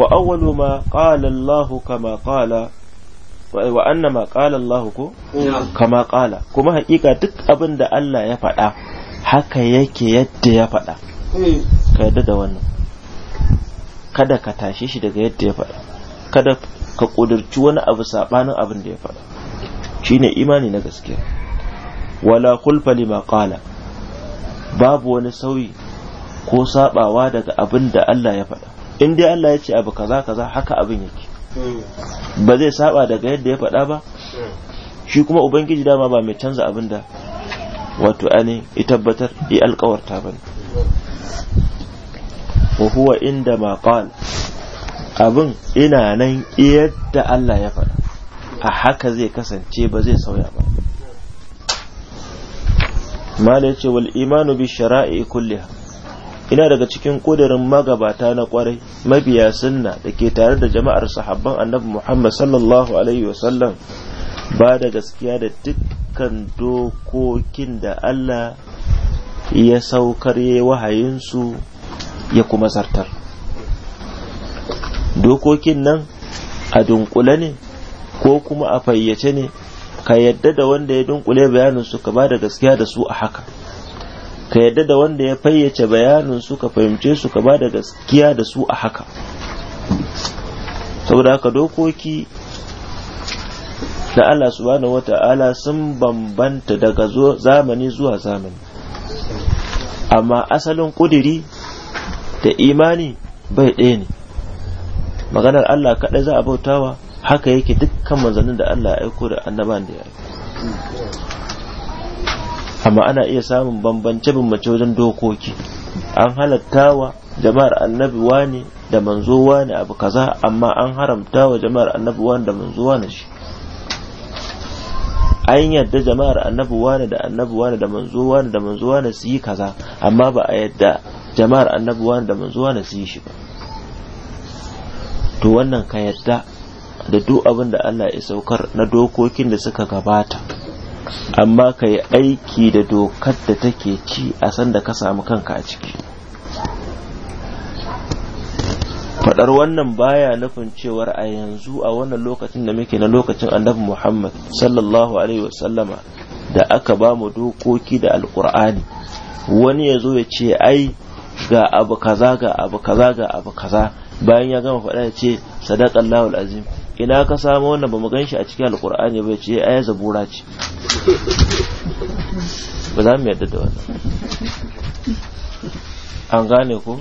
wa awwalu ma qala Allahu kama qala wa anna ma qala Allahu ko kama qala kuma hakika duk abin da Allah ya faɗa haka yake yadda ya faɗa hmm. ka yadda da wannan kada ka tashe shi daga yadda ya faɗa kada ka ƙudurci wani abu saɓanin abin da ya faɗa shine imani na gaskiya wala kulfa lima qala babu wani sauyi ko saɓawa daga abin da Allah ya faɗa in dai Allah ya ce abu kaza kaza haka abin yake hmm. ba zai saba daga yadda ya faɗa ba hmm. shi kuma ubangiji dama ba mai canza abin da wato ani ya tabbatar ya alkawarta ba ne wa huwa inda ma qal abin ina nan yadda Allah ya faɗa a haka zai kasance ba zai sauya ba mala yace wal imanu bi shara'i kulliha ina daga cikin ƙudirin magabata na ƙwarai mabiya sunna da ke tare da jama'ar sahabban annabi muhammad sallallahu alaihi wasallam ba da gaskiya da dukkan dokokin da allah ya saukar ya wahayinsu ya kuma zartar dokokin nan a dunkule ne ko kuma a fayyace ne ka yadda da wanda ya dunkule bayanin su ka ba da gaskiya da su a haka ka yadda da wanda ya fayyace bayanin su ka fahimce su ka ba da gaskiya da su a haka saboda haka dokoki na Allah subhanahu wata'ala sun bambanta daga zamani zuwa zamani amma asalin ƙudiri da imani bai ɗaya ne maganar Allah kaɗai za a bautawa haka yake dukkan manzannin da Allah ya aiko da annaban da ya aiko amma ana iya samun bambance bambance wajen dokoki an halatta wa jama'ar annabi wani da manzo wani abu kaza amma an haramta wa jama'ar annabi wani da manzo wani shi an yadda jama'ar annabi wani da annabi wani da manzo wani da manzo wani su yi kaza amma ba a yadda jama'ar annabi wani da manzo wani su yi shi ba to wannan ka yadda da duk abin da Allah ya saukar na dokokin da suka gabata amma ka yi aiki da dokar da take ci a sanda ka samu kanka a ciki faɗar wannan baya nufin cewar a yanzu a wannan lokacin da muke na lokacin annabi muhammad sallallahu alaihi wasallama da aka ba mu dokoki da alkur'ani wani ya zo ya ce ai ga abu kaza ga abu kaza ga abu kaza bayan ya gama faɗa ya ce sadaƙallahu azim ina ka samu wannan ba mu gan shi a cikin alkur'ani ba ce ai zabura ce ba za mu yadda da wannan an gane ko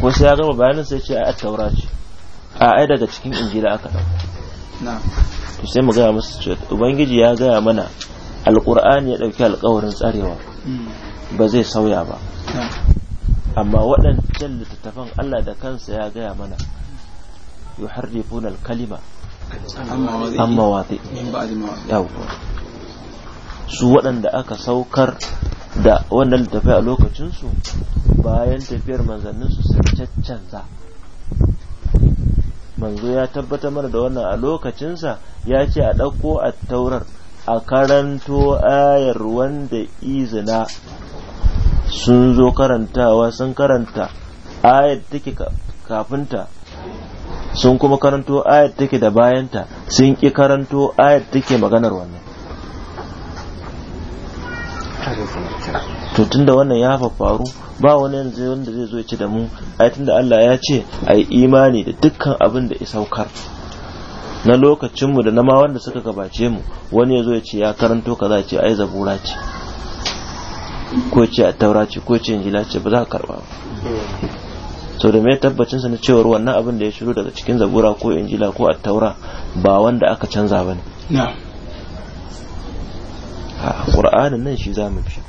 ko sai ya gama bayanin sai ce ai taura ce a ai daga cikin injila aka dauko sai mu gaya musu ce ubangiji ya gaya mana alkur'ani ya dauki alkawarin tsarewa ba zai sauya ba amma waɗancan littattafan Allah da kansa ya gaya mana yuharrifuna al-kalima an mawaɗi su waɗanda aka saukar da wannan littafai a lokacinsu bayan tafiyar manzanninsu sun caccanza manzo ya tabbatar mana da wannan a lokacinsa ya ce a ɗauko a taurar a karanto ayar wanda izina sun zo karantawa sun karanta ayar take kafinta sun kuma karanto ayat take da bayanta sun ki karanto ayat take maganar wannan to tunda wannan ya faru ba wani yanzu wanda zai zo ya ci da mu ai tunda Allah ya ce ai imani da dukkan abin da ya saukar na lokacinmu da na ma wanda suka gabace mu wani ya zo ya ce ya karanto kaza ce ai zabura ce ko ce a taura ko ce injila ce ba za ka karba ba sau da mai tabbacin sa na cewar wannan abin da ya shiru daga cikin zabura ko injila ko attaura ba wanda aka canza ba ne a ƙur'anin nan shi za mu fi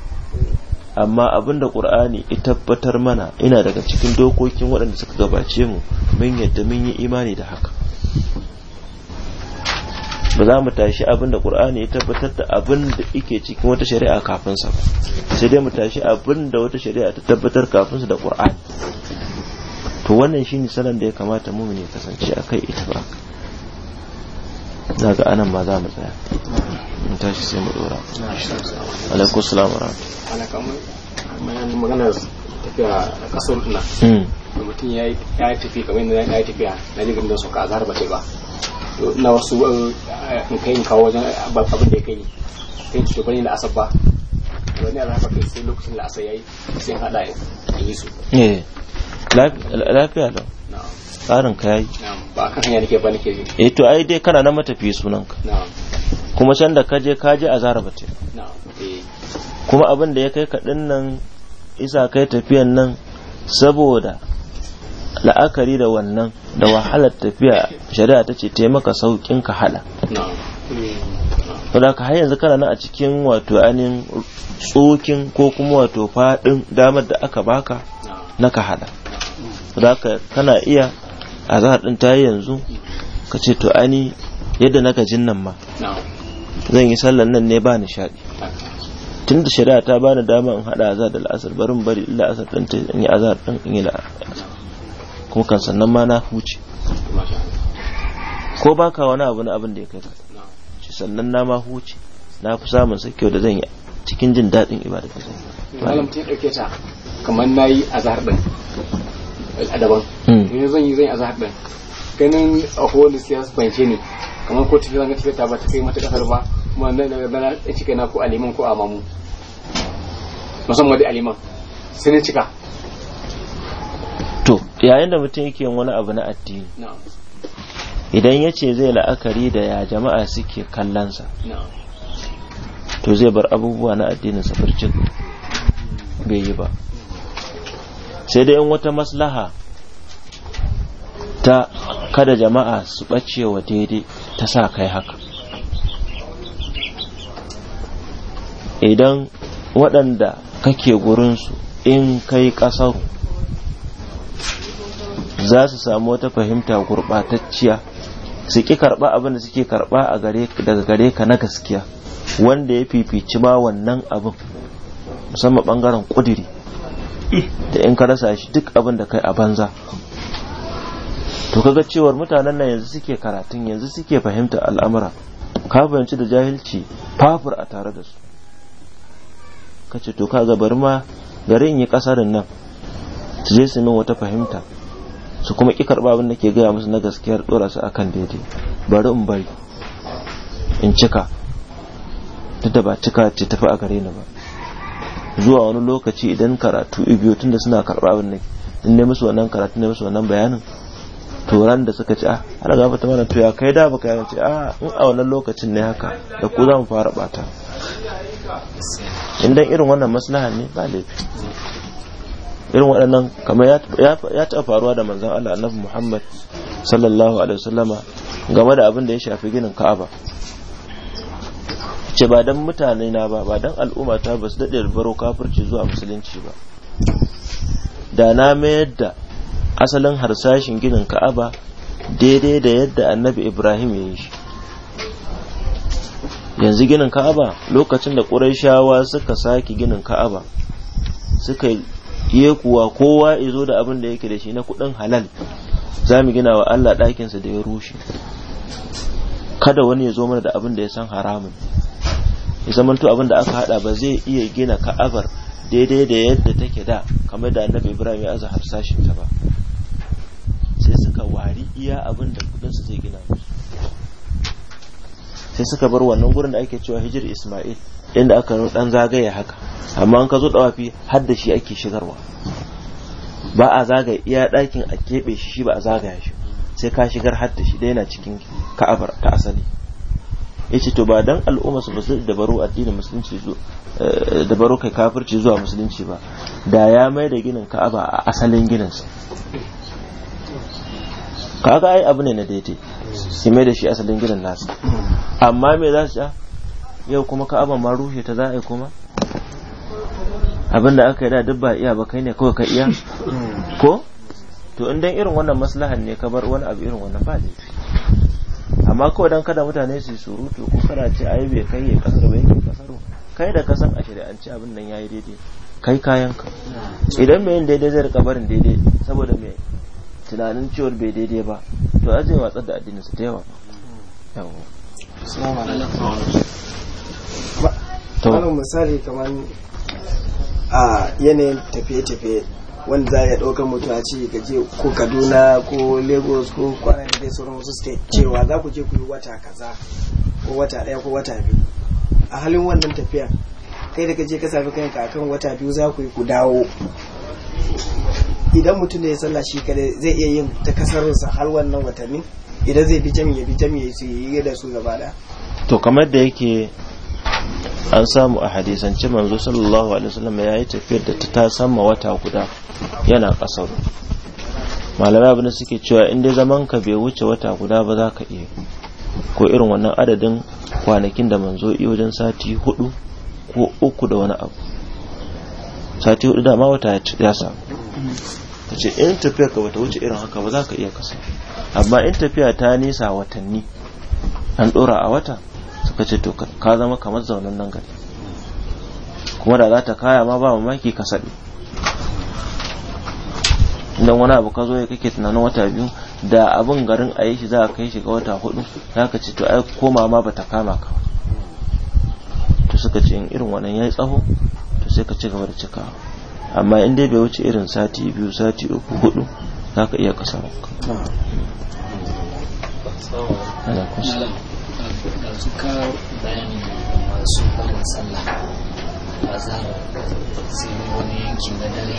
amma abin da ƙur'ani ya tabbatar mana ina daga cikin dokokin waɗanda suka gabace mu mun yadda mun yi imani da haka ba za mu tashi abin da ƙur'ani ya tabbatar da abin da ike cikin wata shari'a kafin sa sai dai mu tashi abin da wata shari'a ta tabbatar kafin da ƙur'ani to wannan shine salon da ya kamata mumin ya kasance a kai ba daga anan ma za mu tsaya in tashi sai mu dora alaikum salam wa rahmatullahi magana tafiya a kasar na hmm. mutum ya yi tafi kamar yadda ya yi tafiya na jirgin da suka azhar ba ce ba na wasu eh, in kai in kawo wajen abin da ya kai kai ce bane da asaba. ba wani azhar ba kai sai lokacin da asa ya yi sai hada in yi su eh. lafiya lau tsarin ka yayi ba kan hanya nake ba nake yi eh to ai dai kana na matafi sunanka kuma can da kaje kaje a zara bace eh. kuma abin da ya kai ka nan isa kai tafiyan nan saboda la'akari da wannan da wahalar tafiya shari'a ta ce taimaka saukin ka hala hmm. saboda har yanzu kana nan a cikin wato anin tsokin ko kuma wato faɗin damar da aka baka na ka hada haka kana iya a za ɗin ta yanzu ka ce to ani yadda na gajin nan ma zan yi sallan nan ne ba nishaɗi tun da shari'a ta bani dama in haɗa azar da la'asar barin bari illa la'asar ɗin ta in yi azar ɗin in yi la'asar kuma kan sannan ma na huce ko baka wani abu na abin da ya kai ka shi sannan na ma huce na fi samun sakewa da zan yi cikin jin daɗin ibada ta zai malam ta ɗauke ta kamar na yi azar ɗin daban hmm. ne zan yi zan yi azahar din ganin tsaho siya su bance ne kamar ko tafiya na tafiya ta ba ta kai mata kasar ba kuma nan daga gana ya cika na ko aliman ko amamu musamman da aliman sai na cika to yayin da mutum yake wani abu na addini idan ya ce zai la'akari da ya jama'a suke kallonsa to zai bar abubuwa na addinin sa bai yi ba sai dai in wata maslaha ta kada jama'a su ɓace wa daidai ta sa kai haka idan waɗanda kake gurinsu in kai ƙasar za su samu wata fahimta gurɓatacciya su ƙi karɓa abin da suke karɓa daga gare ka na gaskiya wanda ya fifici ma wannan abin musamman ɓangaren ƙudiri da in ka rasa shi duk abin da kai a banza to kaga cewar mutanen nan yanzu suke karatun yanzu suke fahimta al'amura ka fahimci da jahilci fafur a tare da su ka ce to kaga bari ma gari in yi kasarin nan su je su min wata fahimta su kuma ki karba abin da ke gaya musu na gaskiyar dora su akan daidai bari in bari in cika duk da ba cika ce tafi a gare ni ba zuwa wani lokaci idan karatu ibiyo tunda suna karɓa abin ne in ne musu wannan karatu ne musu wannan bayanin turan da suka ci a ah, ana gafa ta mana tuya kai da baka yana ce a ah, in a wannan lokacin ne haka da ku za mu fara bata idan irin wannan maslaha ne ba laifi irin waɗannan kamar ya taɓa faruwa da manzon Allah annabi Muhammad sallallahu alaihi wasallama game da abin da ya shafi ginin Ka'aba ce ba don mutane na ba ba don al'umma ta ba su daɗe baro kafirci zuwa musulunci ba da na mayar da asalin harsashin ginin ka'aba daidai da yadda annabi ibrahim ya yi shi yanzu ginin ka'aba lokacin da shawa suka sake ginin ka'aba suka yi kuwa kowa izo da abin da yake da shi na kuɗin halal za mu gina wa allah ɗakinsa da ya rushe kada wani ya zo mana da abin da ya san haramun ya zamanto abin da aka hada ba zai iya gina ka'abar daidai da yadda take da kamar da annabi ibrahim ya aza harsashin ta ba sai suka wari iya abin da kudinsu zai gina musu sai suka bar wannan gurin da ake cewa hijir ismail inda aka dan zagaye haka amma an ka zo dawafi har da shi ake shigarwa ba a zagaye iya ɗakin a keɓe shi shi ba a zagaya shi sai ka shigar har da shi da yana cikin ka'abar ta asali ce to ba dan al'umma su basu dabaru addinin musulunci zu eh, dabaru kai kafirci zuwa musulunci ba da ya mai da ginin Ka'aba a asalin ginin sa kaga ai abu ne na daidai su mai da shi asalin ginin nasu. amma me za su ja yau kuma Ka'aba ma rushe ta za a yi kuma abinda aka yi da duk ba iya ba kai ne kawai ka iya ko to in dan irin wannan maslahan ne ka bar wani abu irin wannan ba laifi amma kawai don kada mutane su surutu ko kana ce ai bai kai ya kasar bai yake kasar kai da kasan a shari'ance abin nan yayi daidai kai kayan ka idan mai yin daidai zai rika barin daidai saboda mai tunanin ciwon bai daidai ba to a zai watsar da addinin su da yawa yawa to misali kamar yanayin tafiye-tafiye wanda za ya ɗaukar mutum a ce ka je ko kaduna ko lagos ko kwanan da dai sauran wasu state cewa za ku je ku yi wata kaza ko wata ɗaya ko wata biyu a halin wannan tafiya kai da ka je ka sami kanka akan wata biyu za ku yi ku dawo idan mutum da ya sallah shi kadai zai iya yin ta kasarinsa har wannan watanni idan zai bi jami'a ya bi jami'a ya yi da su gaba da to kamar da yake an samu a hadisance manzo sallallahu alaihi wasallam ya yi tafiyar da ta sama wata guda yana kasar malamai abin suke cewa in dai zaman ka bai wuce wata guda ba za ka iya ko irin wannan adadin kwanakin da manzo iya wajen sati hudu ko uku da wani abu sati hudu dama wata ya samu ta ce in tafiya ka bata wuce irin haka ba za ka iya kasar amma in tafiya ta nisa watanni an dora a wata suka ce to ka zama kamar zaunan nan gari kuma da za ta kaya ma ba mamaki ka saɗi idan wani abu ka zo ya kake tunanin wata biyu da abin garin a yi shi za a kai shi ga wata hudu za ka ce to ai koma ma ba ta kama ka to suka ce in irin wannan ya yi tsaho to sai ka ci gaba da cikawa amma in dai bai wuce irin sati biyu sati uku hudu za ka iya kasa yanzu ka masu yanki na dare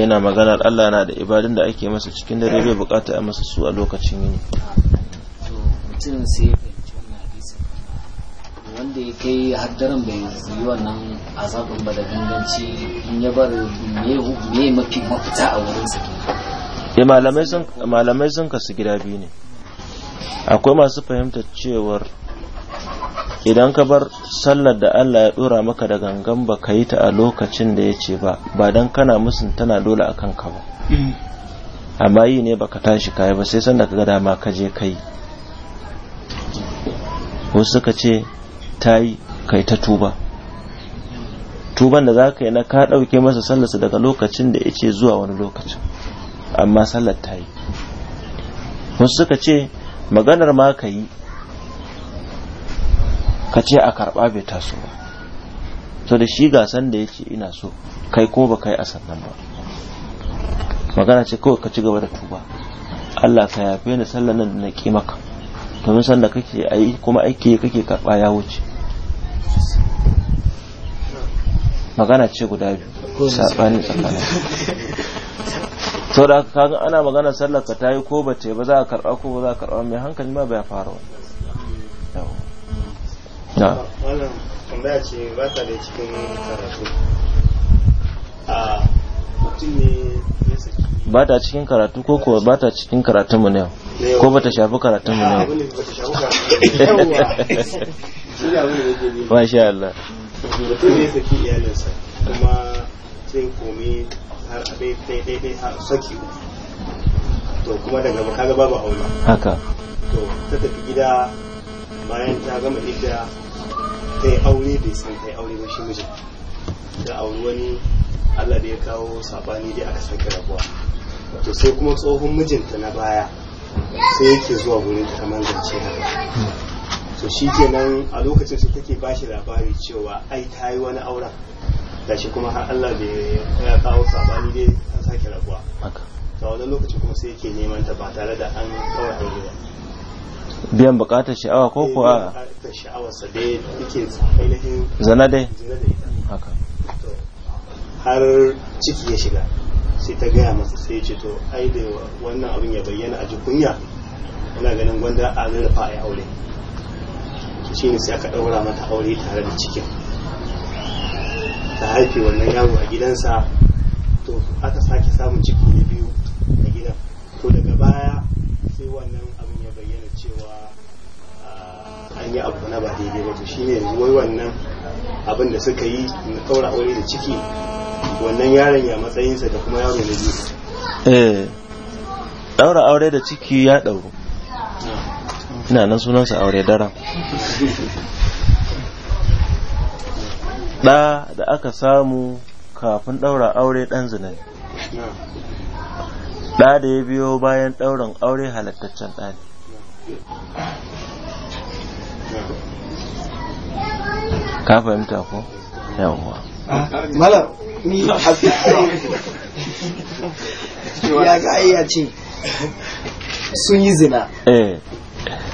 yana magana Allah na da ibadun da ake masa cikin dare bai bukata a masa su a lokacin yini to sai ya wanda ya kai haddaran bai yi wannan azabin ba da ganganci in ya bar me mafi mafita a wurin sa kenan ya eh, malamai sun kasu gida biyu ne akwai masu fahimtar cewar idan ka bar sallar da Allah ya dora maka da gangan ba ka yi ta a lokacin da ya ce ba ba dan kana musun tana dole a kanka ba amma yi ne baka tashi kayi ba sai sanda ka ga dama ka je kai wasu suka ce ta yi kai ta tuba tuban da za ka yi na ka ɗauke masa sallarsa daga lokacin da ya ce zuwa wani lokacin amma sallar ta yi wasu suka ce maganar ma ka yi ka ce a karɓa bai taso ba to da shi gasan da ya ce ina so kai ko ba kai a sannan ba magana ce kawai ka ci gaba da tuba Allah ka yafe ni sallar nan na ƙi maka domin sanda kake ayi kuma aiki kake karɓa ya wuce magana ce guda biyu saɓani tsakanin sau da kaga ana magana sallar ka tayi ko bace ba za a karɓa ko ba za a karɓa mai hankali ma bai fara wani wannan tambaya ce ba ta da cikin karatu a mutum ne ba ta cikin karatu ko kuwa ba ta cikin karatun mu ne ko ba ta shafi karatun mu ne masha Allah mutum ne saki iyalinsa kuma sai komi har daidai har saki to kuma daga kaga babu auna. haka to ta tafi gida bayan ta gama idda ta yi aure bai san ta yi aure ba shi mijin da auri wani Allah da ya kawo sabani da aka sake rabuwa to sai kuma tsohon mijinta na baya sai yake zuwa wurin ta kamar zance haka hmm. to shi kenan a lokacin sai take bashi labari cewa ai ta yi wani auren shi kuma har Allah bai ya kawo sabani dai a sake rabuwa ta wannan lokaci kuma sai yake neman ta ba tare da an kawai aure ba biyan bukatar sha'awa ko kuwa. Eh, a ta sha'awar sa dai yake ainihin zana dai haka har ciki ya shiga sai ta gaya masa sai ce to ai da wannan abin ya bayyana a jikunya ina ganin gwanda a zai rufa a aure shi ne sai aka ɗaura mata aure tare da cikin ta haife wannan yaro a gidansa to aka sake samun ciki na biyu a gidan to daga baya sai wannan abin ya bayyana cewa ah, an yi abu na ba daidai ba to shi ne yanzu wai wannan abin da suka yi na kaura aure da ciki wannan yaron ya matsayinsa da kuma yaro na biyu eh daura aure da ciki ya dauro ina nan sunansa aure dara ɗa da aka samu kafin ɗaura aure ɗan zina ne ɗa da ya biyo bayan ɗaurin aure halattaccen ɗa ne ka fahimta ko yawwa Malam ni ya ga a ce sun yi zina eh.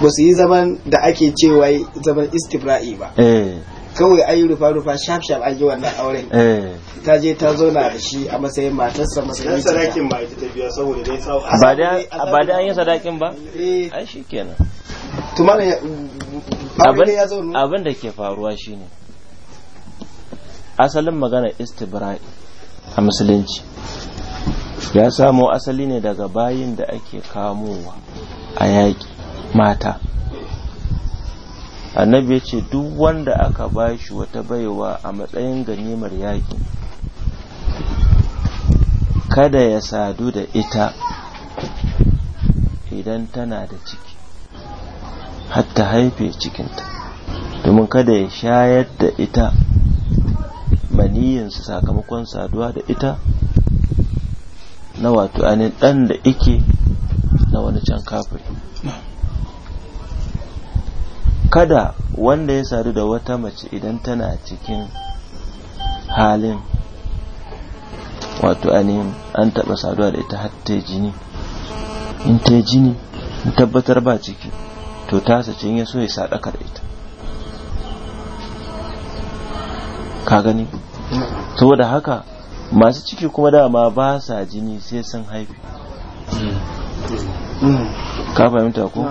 ba su yi zaman da ake cewa zaman istibra'i ba eh. kawai ayi rufa rufa shaf shaf an yi wannan auren eh. ta je ta zauna da shi a matsayin matarsa matsayin sadakin ba ita ta biya saboda dai sau ba da ba da an yi sadakin ba eh. ai shikenan tumana abin ya zo abin da ke faruwa shine asalin magana istibra'i a musulunci ya samo asali ne daga bayin da ake kamowa a yaƙi mata annabi ya ce duk wanda aka ba shi wata baiwa a matsayin ganimar yaki kada ya sadu da ita idan tana da ciki hatta haife cikinta domin kada ya shayar da ita maniyinsu sakamakon saduwa da ita na wato anin ɗan da ike na wani can kafin. kada wanda ya sadu da wata mace idan tana cikin halin wato ainihin an taɓa saduwa da ita har ta jini in ta jini in tabbatar ba ciki to ta sace ya so ya sadaka da ita ka gani saboda haka masu ciki kuma dama ba sa jini sai sun haifi ka fahimta ko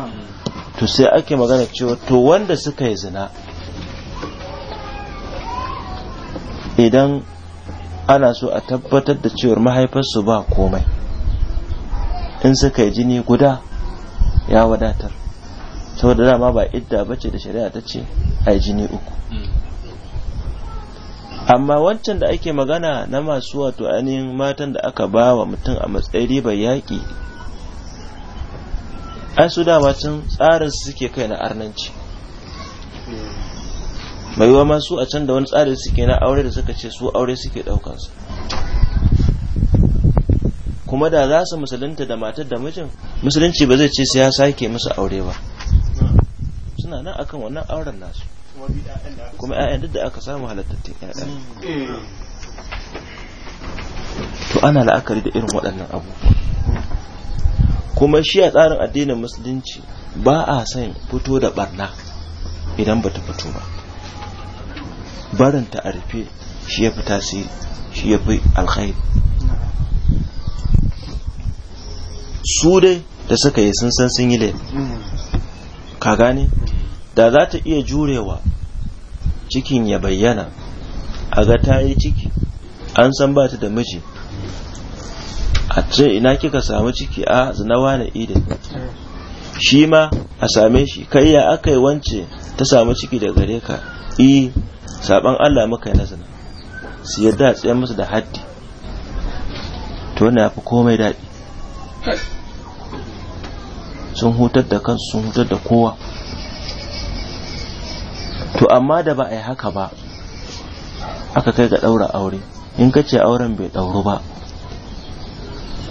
to sai ake magana cewa to wanda suka yi zina idan ana so a tabbatar da cewar mahaifarsu ba komai in suka yi jini guda ya wadatar saboda dama ba idda ba ce da shari'a ta ce a yi jini uku amma wancan da ake magana na masu wato ainihin matan da aka ba wa mutum a matsayi ribar yaƙi an su dama tun tsarin su suke kai na arnanci mai yiwa masu a can da wani tsarin suke na aure da suka ce su aure suke ɗaukansu. kuma da za su musulunta da matar da mijin musulunci ba zai ce sai ya sake musu aure ba suna nan akan wannan auren nasu kuma 'ya'yan duk da aka samu halattattun 'ya'ya mm. to ana la'akari da irin waɗannan abubuwa kuma shi a tsarin addinin musulunci ba a san fito da barna idan ba ta fito ba barin ta a rufe shi ya fi tasiri shi ya fi alkhairi su dai da suka yi sun san sun yi laifi ka gane da za ta iya jurewa cikin ya bayyana a ga ta yi ciki an san ba ta da miji a ce ina kika samu ciki a zinawa na idin shi ma a same shi kai ya aka yi wance ta samu ciki da gare ka i saban Allah muka yi na zina su yadda a tsaye musu da haddi to wannan ya fi komai daɗi sun hutar da kansu sun hutar da kowa to amma da ba a yi haka ba aka kai ga ɗaura aure in ka ce auren bai ɗauru ba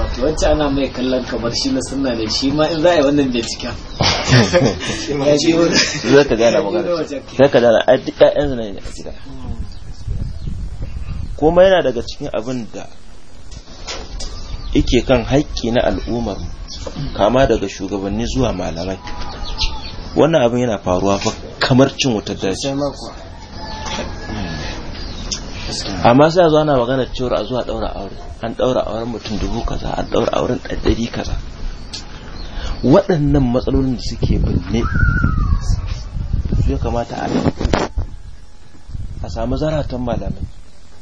wato wacce ana mai kallon kamar shi na sunna ne shi ma in za a yi wannan binciken ya ji wani zai ka gana magana zai ka gana a duk ƴaƴan zina ne a gida kuma yana daga cikin abin da yake kan haƙƙi na al'ummar kama daga shugabanni zuwa malamai wannan abin yana faruwa fa kamar cin wutar daji amma sai a zo ana magana cewar a zuwa daura aure an daura auren mutum dubu kaza an daura auren ɗaddari kaza waɗannan matsalolin da suke binne su ya kamata a a samu zaratan malamai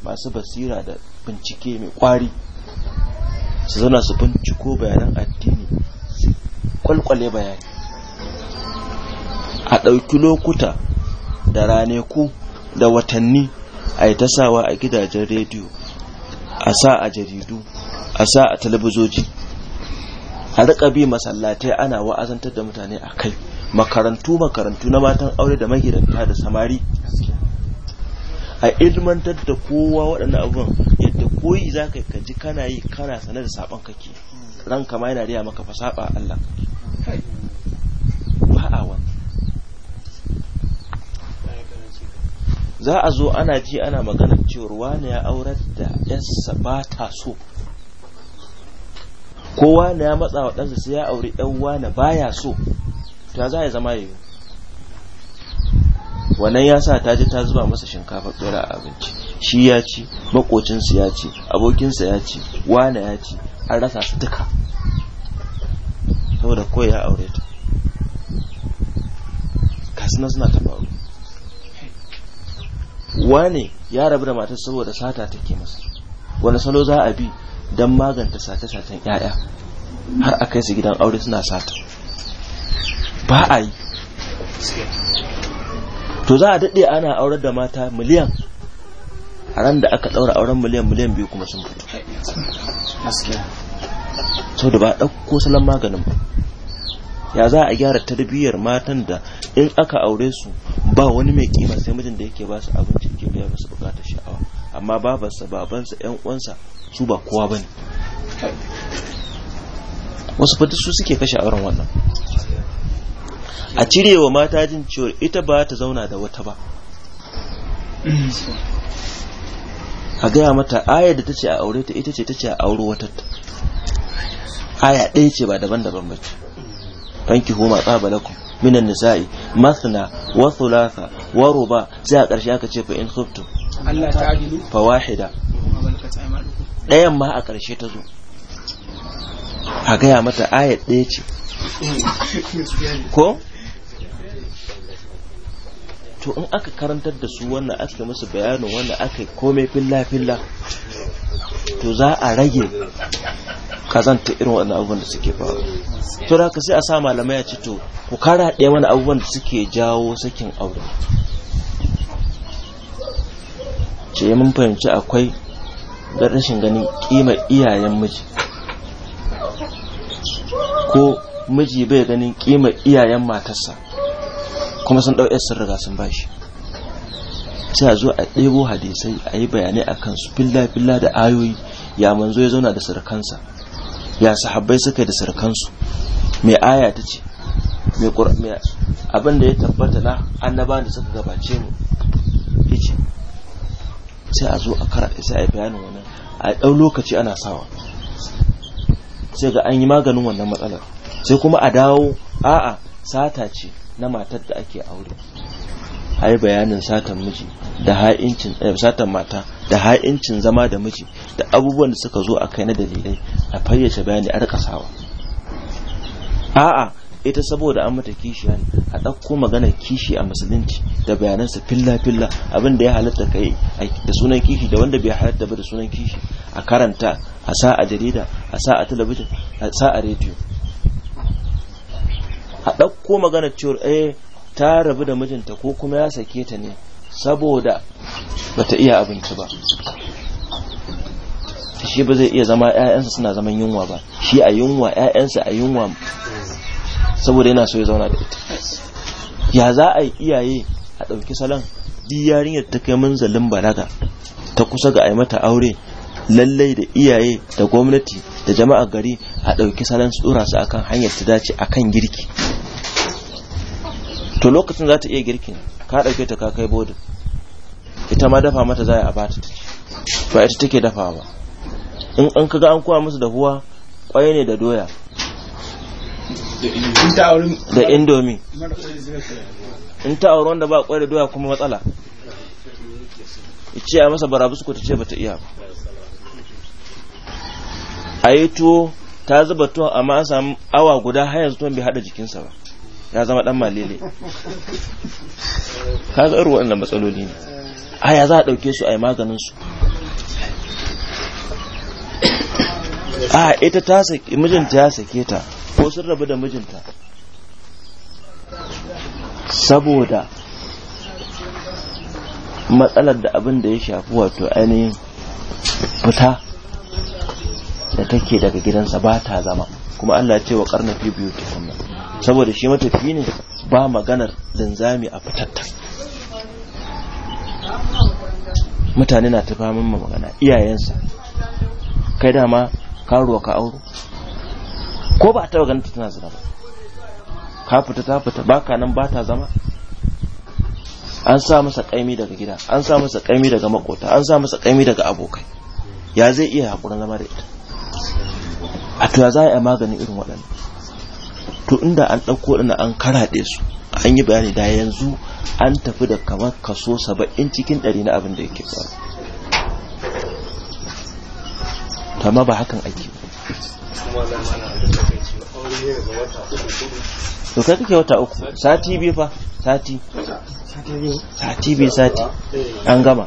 masu basira da bincike mai kwari su zana su binciko bayanan addini kwalkwale bayani a ɗauki lokuta da raneku da watanni a yi tasawa a gidajen rediyo a sa a jaridu a sa a talabizoji a rika bi masallatai ana wa'azantar da mutane a kai makarantu makarantu na matan aure da magidanta da samari a ilmantar da kowa waɗannan abubuwan yadda koyi za ka ji kana yi kana sanar da saɓon kake ranka ma yana riya maka fa saɓa Allah za a zo ana ji ana maganar cewar wani ya aurar da yasa ba ta so kowa na ya matsa wa ɗansa sai ya auri ɗan wani ya so ta za a zama yiwu wannan ya sa ta ji ta zuba masa shinkafa tsora a abinci shi ya ci makocinsa ya ci abokinsa ya ci wani ya ci an rasa su duka saboda ko ya aure ta na suna tabaru wane ya rabu da matar saboda sata take masa wani salo za a bi don maganta sata satan 'ya'ya har a kai su gidan aure suna sata ba a yi to za a daɗe ana aurar da mata miliyan a ran da aka ɗaura auren miliyan miliyan biyu kuma sun fito sau da ba ɗauko salon maganin ba ya za a gyara tarbiyyar matan da in aka aure su ba wani mai kima sai mijin da yake ba su abinci ke biya musu bukatar sha'awa amma babansa babansa yan uwansa su ba kowa ba ne. wasu fata suke kashe auren wannan a cirewa mata jin cewar ita ba ta zauna da wata ba a gaya mata ayar da ta ce a aure ta ita ce ta ce a auro wata aya ɗaya ce ba daban-daban ba ce fankihu ma tsaba lakum minan nisa'i masna wa thulatha wa ruba sai a ƙarshe aka ce fa in khuftu Allah ta'dilu fa wahida ɗayan ma a ƙarshe ta zo a gaya mata ayat ɗaya ce ko to in aka karantar da su wannan aka musu bayanin wannan aka komai filla-filla to za a rage kazanta irin waɗannan abubuwan da suke faru to da haka sai a sa malamai a cito ku kara ɗaya mana abubuwan da suke jawo sakin aure ce mun fahimci akwai da rashin ganin kima iyayen miji ko miji bai ganin kima iyayen matarsa kuma sun ɗau sun riga sun bashi sai a zo a ɗebo hadisai a yi bayanai a kansu filla-filla da ayoyi ya manzo ya zauna da surukansa ya sahabbai suka da sarkansu mai aya ta ce abin abinda ya tabbata na annaba da suka gabace mu ce sai a zo a kara sai a yi bayanin wannan a ɗau lokaci ana sawa sai ga an yi maganin wannan matsalar sai kuma a dawo a'a sata ce na matar da ake aure a bayanin satan miji da ha'incin eh, satan mata da ha'incin zama da miji da abubuwan da suka zo a kai na dalilai a fayyace bayani a rikasawa a'a ita saboda an mata kishiya ne a ɗauko maganar kishi a musulunci da bayanansa filla-filla abin da ya halatta kai da sunan kishi da wanda bai halatta ba da sunan kishi a karanta a sa a jarida a sa a talabijin a sa a rediyo a ɗauko maganar cewa eh ta rabu da mijinta ko kuma ya sake ta ne saboda bata iya abinci ba shi ba zai iya zama ƴaƴansa suna zaman yunwa ba shi a yunwa ƴaƴansa a yunwa saboda yana so ya zauna da ita ya za a yi iyaye a ɗauki salon duk yarinyar ta kai manzalin balaga ta kusa ga a mata aure lallai da iyaye da gwamnati da jama'a gari a ɗauki salon tsura su akan hanyar ta dace akan girki to lokacin za ta iya girkin ka ɗauke ta ka kai bodin ita ma dafa mata za a ba ta ba ita take dafa ba in an kaga an kowa musu dahuwa kwaye ne da doya da indomi in ta auri wanda ba kwaye da doya kuma matsala ce a masa barabus ko ta ce ba ta iya ba a yi tuwo ta zuba tuwo amma an samu awa guda har yanzu tuwon bai hada jikinsa ba ya zama dan malele ka ga wannan matsaloli ne a za a ɗauke su a yi maganin su a ita ta saki mijinta ya sake ta ko sun rabu da mijinta saboda matsalar da abin da ya shafi wato ainihin fita da take daga gidansa ba ta zama kuma Allah ce wa karnafi biyu tukunna saboda shi matafi ne ba maganar linzami a fitatta mutane na tafa mamma magana iyayensa kai dama karuwa ka auro ko ba ta ganin tana zina ba ka fita ta fita baka nan ba ta zama an sa masa kaimi daga gida an sa masa kaimi daga makota an sa masa kaimi daga abokai ya zai iya haƙurin zama da ita a to za a yi maganin irin waɗannan to inda an ɗauko ɗana an karaɗe su an yi bayani da yanzu an tafi da kamar kaso saba'in cikin ɗari na abin da yake faru amma ba hakan ake to kai kake wata uku sati biyu fa sati sati biyu sati an gama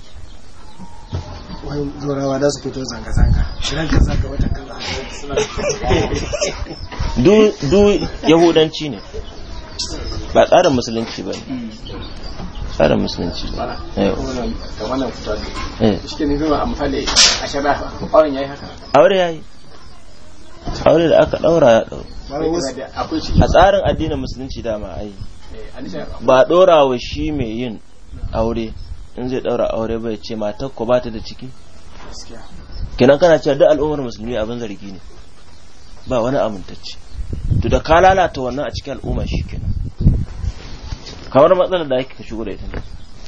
wai zorawa za su fito zanga-zanga shirin ka zanga wata kalla du du yahudanci ne ba tsarin musulunci ba hmm. tsarin musulunci ba ga wannan eh. fito da shi ne eh. zuwa amfani a shara auren yayi haka aure yayi aure da aka daura ya daura a tsarin addinin musulunci dama ai eh, ba dora wa shi mai yin aure in zai daura aure bai ce matar ko bata da ciki kenan kana cewa duk al'ummar musulmi abin zargi ne ba wani amintacci. to da ka lalata wannan a cikin al'umma shi kenan kamar matsalar da ake shigo da ita ne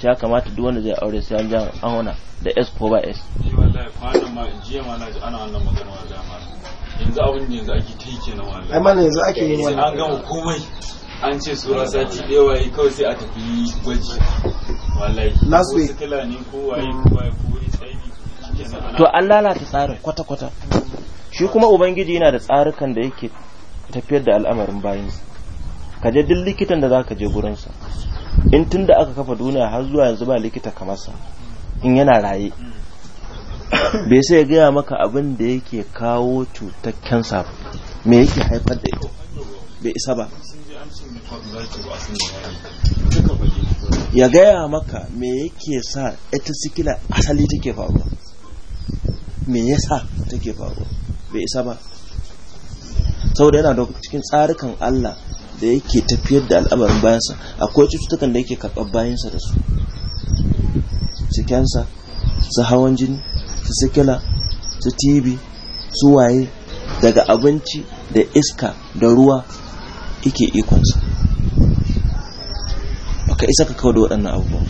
ya kamata duk wanda zai aure sai an ja ahona da S ko ba S wallahi kwanan ma ma ji ana wannan magana wallahi yanzu abin yanzu ake ta yi kenan wallahi ai yanzu ake yi wannan an gama komai an ce sura sati ɗaya waye kawai sai a tafi gwaji Mm. to an lalata tsarin kwata-kwata shi kuma ubangiji yana da tsarukan da yake tafiyar da al'amarin bayansa ka je duk likitan da za ka je gurinsa in tun da aka kafa duniya har zuwa yanzu ba likita kamarsa in yana raye bai sai ya gaya maka abin da yake kawo cutar kansa me yake haifar da ita bai isa ba ya gaya maka me yake sa ita sikila asali take faruwa me yasa take faruwa bai isa ba saboda yana da cikin tsarikan Allah da yake tafiyar da al'amarin bayansa akwai cututtukan da yake karɓar bayansa da su su su hawan jini su sikila su tibi su waye daga abinci da iska da ruwa ike ikonsa ka isa ka kawo da waɗannan abubuwa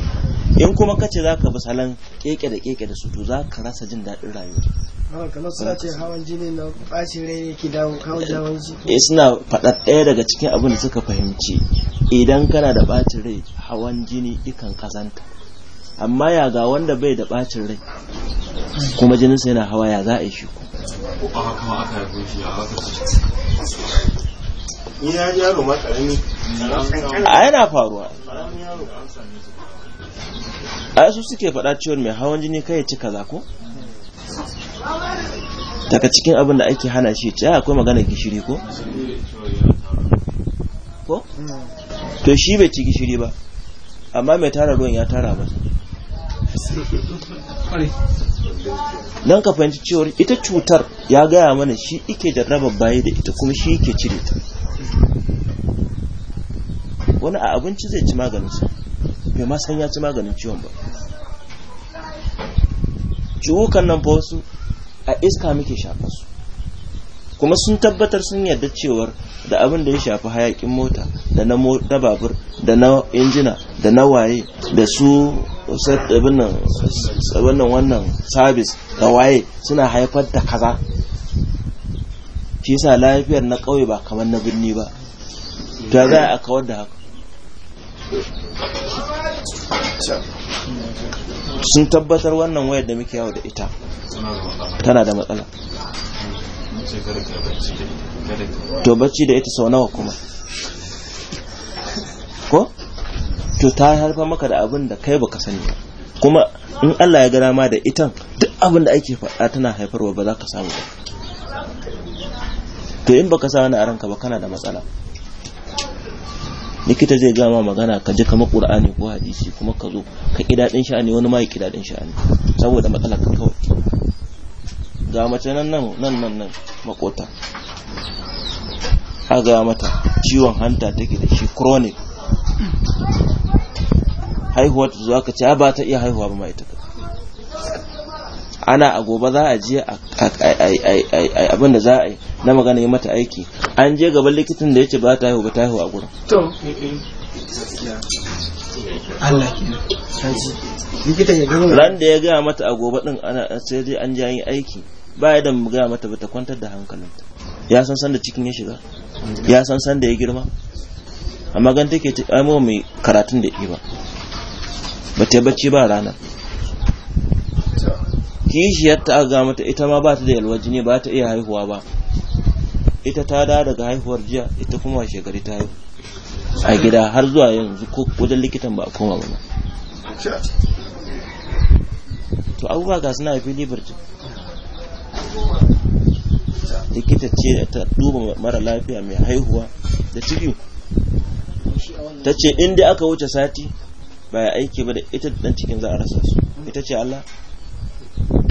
in kuma kace za ka misalan keke da keke da su to za ka rasa jin daɗin rayuwa kamar suna ce hawan jini na ɓacin rai ne ke dawo kawo jawon jini eh, suna faɗa ɗaya daga cikin abin da suka fahimci idan kana da ɓacin rai hawan jini ikan kazanta amma ya ga wanda bai da ɓacin rai kuma jininsa yana hawa ya za a yi shi ku ji yaro ma karami a yana faruwa a yasu suke faɗa ciwon mai hawan jini kai ya ci kaza ko daga cikin abin da ake hana shi ci akwai magana gishiri ko ko to shi bai ci gishiri ba amma mai tara ruwan ya tara ba. don ka fahimci cewar ita cutar ya gaya mana shi ike jarrabar bayi da ita kuma shi ke cire ta wani a abinci zai ci maganinsa bai ma san ya ci maganin ciwon ba ciwukan nan fa wasu a iska muke shafa su kuma sun tabbatar sun yarda cewar da abin da ya shafi hayakin mota da na dababur, babur da na injina da na waye da su wannan wannan sabis da waye suna haifar da kaza shi sa lafiyar na ƙauye ba kamar na birni ba ta za a kawar da haka sun tabbatar wannan wayar da muke yawo da ita tana da matsala to bacci da ita sau nawa kuma ko to ta harfa maka da abin da kai baka sani kuma in Allah ya gara ma da ita duk abin da ake faɗa tana haifarwa ba za ka samu ba to in baka sa wani a ranka ba kana da matsala likita zai gama magana ka ji kamar qur'ani ko hadisi kuma ka zo ka ki dadin sha'ani wani ma ya ki dadin sha'ani saboda matsalar ka kawai ga mace nan nan nan nan nan makota a ga mata ciwon hanta take da shi chronic haihuwa ta zuwa aka ce ba ta iya haihuwa ba ma ita ana a gobe za a je abin da za a yi na magana yi mata aiki an je gaban likitan da ya ce ba ta haihu ba ta haihu a gurin to Allah likitan ya gano ran da ya gaya mata a gobe din ana sai dai an je an yi aiki ba ya da mu gaya mata ba ta kwantar da hankalinta ya san san da cikin ya shiga ya san san da ya girma amma gan take ai mu mai karatun da ba ba ta bacci ba rana kishiyar ta ga mata ita ma ba ta da yalwar jini ba ta iya haihuwa ba ita ta da daga haihuwar jiya ita kuma a shekari ta yi a gida har zuwa yanzu ko wajen likitan ba a koma ba to abubuwa ga suna fili birjin likita ce da ta duba mara lafiya mai haihuwa da ciki ta ce inda aka wuce sati ba ya aiki ba da ita da cikin za a rasa su ita ce Allah nan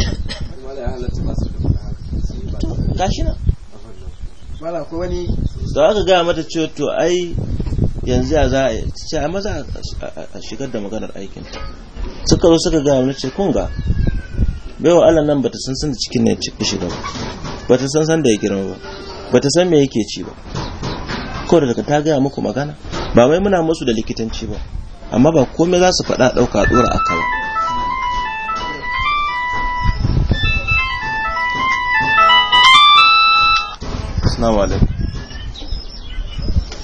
da aka gaya mata cewa to ai yanzu ya za a yi ce a maza a shigar da maganar aikin suka zo suka gaya wani ce kunga. Bai baiwa nan bata san sanda cikin ne cikin shiga ba bata san sanda ya girma ba bata san me yake ci ba ko da daga ta gaya muku magana ba wai muna musu da likitanci ba amma ba komai za su faɗa ɗauka ɗora a kawai Na wale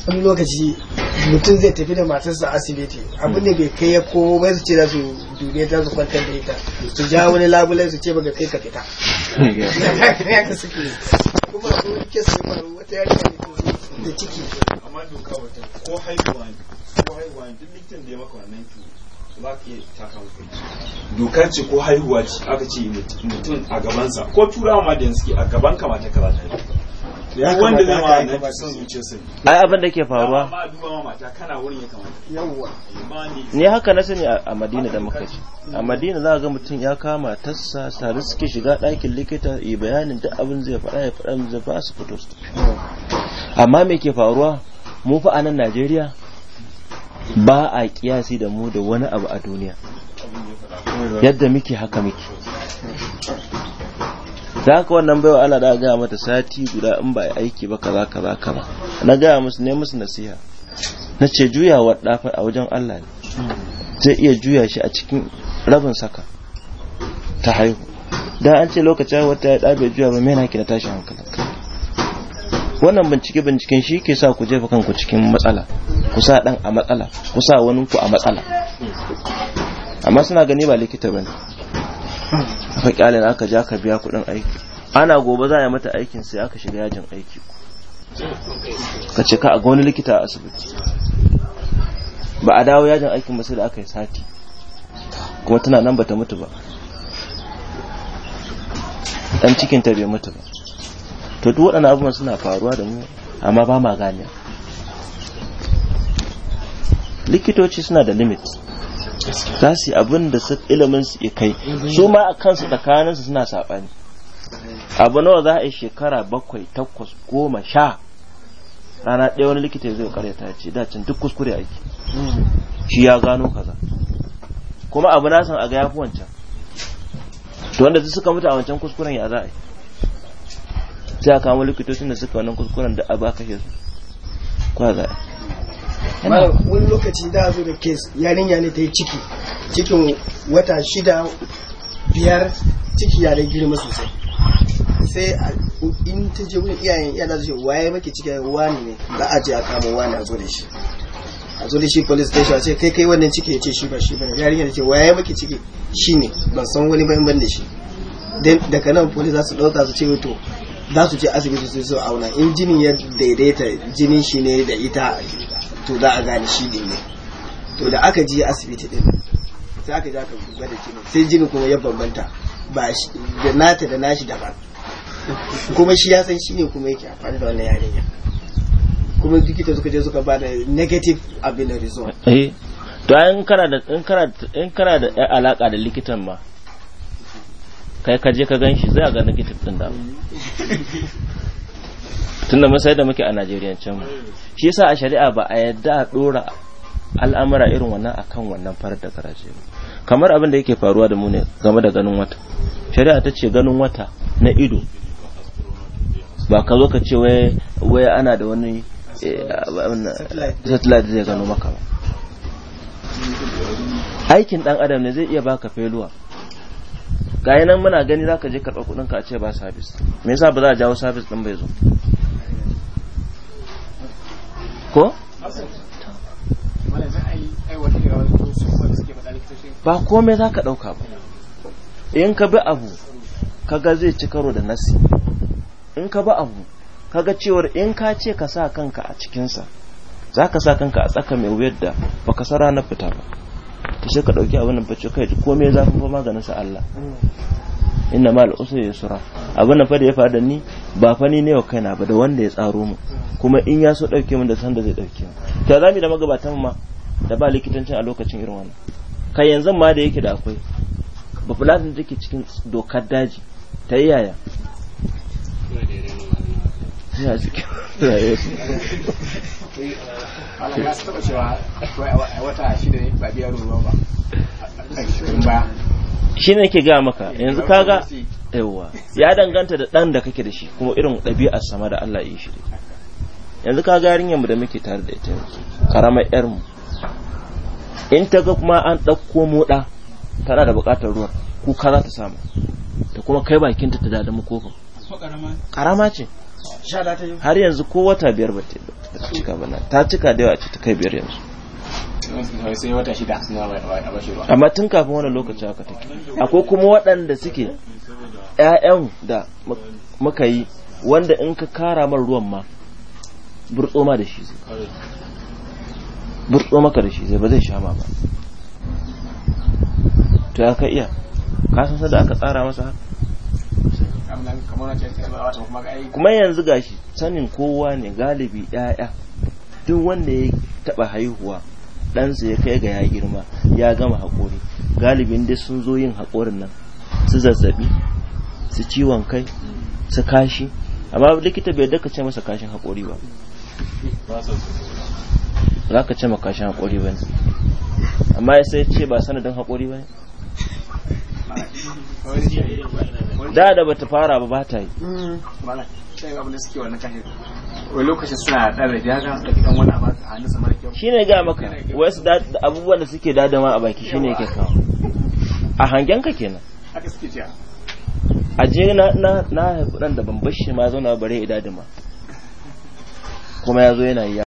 wani lokaci mutum zai tafi da matarsa asibiti abin bai kai ya komo bai su ce za su ta su kwantar da ita su ja wani labulai su ce ba kai ka fita kuma su ke su faru wata ya ce ko haihuwa ce aka ce mutum a gabansa ko turawa ma da yanzu a gaban kamata karatu wanda zai ma na fi son sai. ai abin da ke faruwa amma duba ma mata kana wurin ya kamata ne haka na sani a madina da muka ci a madina za ga mutum ya kama tassa tare suke shiga ɗakin likita yi bayanin duk abin zai faɗa ya faɗa zai ba su fito su amma me ke faruwa mu fa a nan najeriya ba a kiyasi da mu da wani abu a duniya yadda muke haka muke da haka wannan baiwa Allah da gaya mata sati guda in ba aiki ba kaza kaza kaza na gaya musu ne musu nasiha na ce juyawa dafa a wajen Allah ne zai iya juya shi a cikin rabin saka ta haihu dan an ce lokacin wata ya dabe juya ba mena ki na tashi hankali wannan bincike binciken shi ke sa ku jefa kanku cikin matsala ku sa dan a matsala ku sa wani ku a matsala amma suna gani ba likita bane aka kyalin aka ja ka biya kuɗin aiki ana gobe za a yi mata aikin sai aka shiga yajin aiki ka ce ka a ga likita a asibiti ba a dawo yajin aikin ba sai da aka yi sati kuma tana nan ba ta mutu ba dan cikin ta bai mutu ba to duk waɗannan abubuwan suna faruwa da mu amma ba ma gane likitoci suna da limit za su yi abin da su ilimin su ya kai su ma a kansu tsakanin su suna saɓani abu nawa za a yi shekara bakwai takwas goma sha rana ɗaya wani likita zai karyata ta ce dacin duk kuskure ake shi ya gano kaza kuma abu na san a ga ya fi wancan to wanda su suka mutu a wancan kuskuren ya za a yi sai a kamo likitocin da suka wannan kuskuren da abu aka su kwa za a yi wani lokaci da zo da kes yarinya ne ta yi ciki cikin wata shida biyar ciki ya girma sosai sai in ta je wani iyayen yana zuwa waye maki ciki wani ne za a je a kama wani a zo da shi a zo da shi police station a ce kai kai wannan ciki ya ce shi ba shi ba yarinya da ce waye maki ciki shi ne ban san wani ba ban da shi daga nan police za su ɗauka su ce to za su je asibiti su so auna in jinin ya daidaita jinin shi ne da ita to za a gane shi din ne to da aka je asibiti din sai aka ka aka da jini sai jini kuma ya bambanta ba da nata da nashi daban kuma shi ya san shi ne kuma yake amfani da wannan ya kuma likita suka je suka bada negative abin result eh to in kana da in kana in kana da alaka da likitan ma kai ka je ka ganshi zai ga negative din da tunda mun sai da muke a Najeriya can mu shi yasa a shari'a ba a yadda a dora al'amura irin wannan akan wannan farar da karaje kamar abin da yake faruwa da mu ne game da ganin wata shari'a ta ce ganin wata na ido ba ka zo ka ce wai ana da wani eh, satellite zai gano maka ba aikin dan adam ne zai iya baka feluwa ga nan muna gani zaka je karɓar kuɗin ka a ce ba sabis me yasa ba za a jawo sabis ɗin bai zo ko ba komai za ka ɗauka ba in ka bi abu kaga zai ci karo da nasi in ka bi abu kaga cewar in ka ce ka sa kanka a cikinsa za ka sa kanka a tsaka mai wuyar da ba ka sa ranar fita ba ta shi ka ɗauki abin da bacci kai komai za ka fi maganin sa Allah inna mal usri yusra abin nan fa da ya faru da ni ba fa ni ne wa kaina ba da wanda ya tsaro mu kuma in ya so dauke mu da san da zai dauke mu to za da magabatan ma da ba likitancin a lokacin irin wannan kai yanzu ma da yake da akwai ba fulatin take cikin dokar daji ta yaya ya shi ne ke gaya maka yanzu kaga yawa ya danganta da ɗan da kake da shi kuma irin ɗabi'ar sama da Allah ya shi yanzu kaga yarinyar mu da muke tare da ita yanzu karamar yar in ta ga kuma an ɗauko moɗa tana da buƙatar ruwa kuka za ta samu ta kuma kai bakinta ta dada kofa. karama ce har yanzu ko wata biyar ba ta cika ba ta cika da yawa ce ta kai biyar yanzu sai wata shida suna a amma tun kafin wani lokaci haka take akwai kuma waɗanda suke ƴaƴan da muka yi wanda in ka kara mar ruwan ma burtso ma da shi zai burtso maka da shi zai ba zai sha ma ba to ya ka iya ka san sanda aka tsara masa haka kuma yanzu gashi sanin kowa ne galibi ƴaƴa duk wanda ya taba haihuwa ɗansa ya kai ga ya girma ya gama haƙori galibin dai sun zo yin haƙorin nan su zazzabi su ciwon kai su kashi amma likita bai daka ce masa kashin haƙori ba za ka ce ma kashin haƙori ba ne amma ya sai ce ba sanadin haƙori ba ne da da bata fara ba ba ta yi mm. sai abin da suke wannan kashe wani lokacin suna da ɗan rajaga da kitan wani abu a hannun samar mara kyau ne ga maka wasu abubuwan da suke dadama a baki shine yake kawo a hangen ka kenan haka suke cewa a je na na na haifi da ban bashi ma zauna bare idaduma kuma ya zo yana yi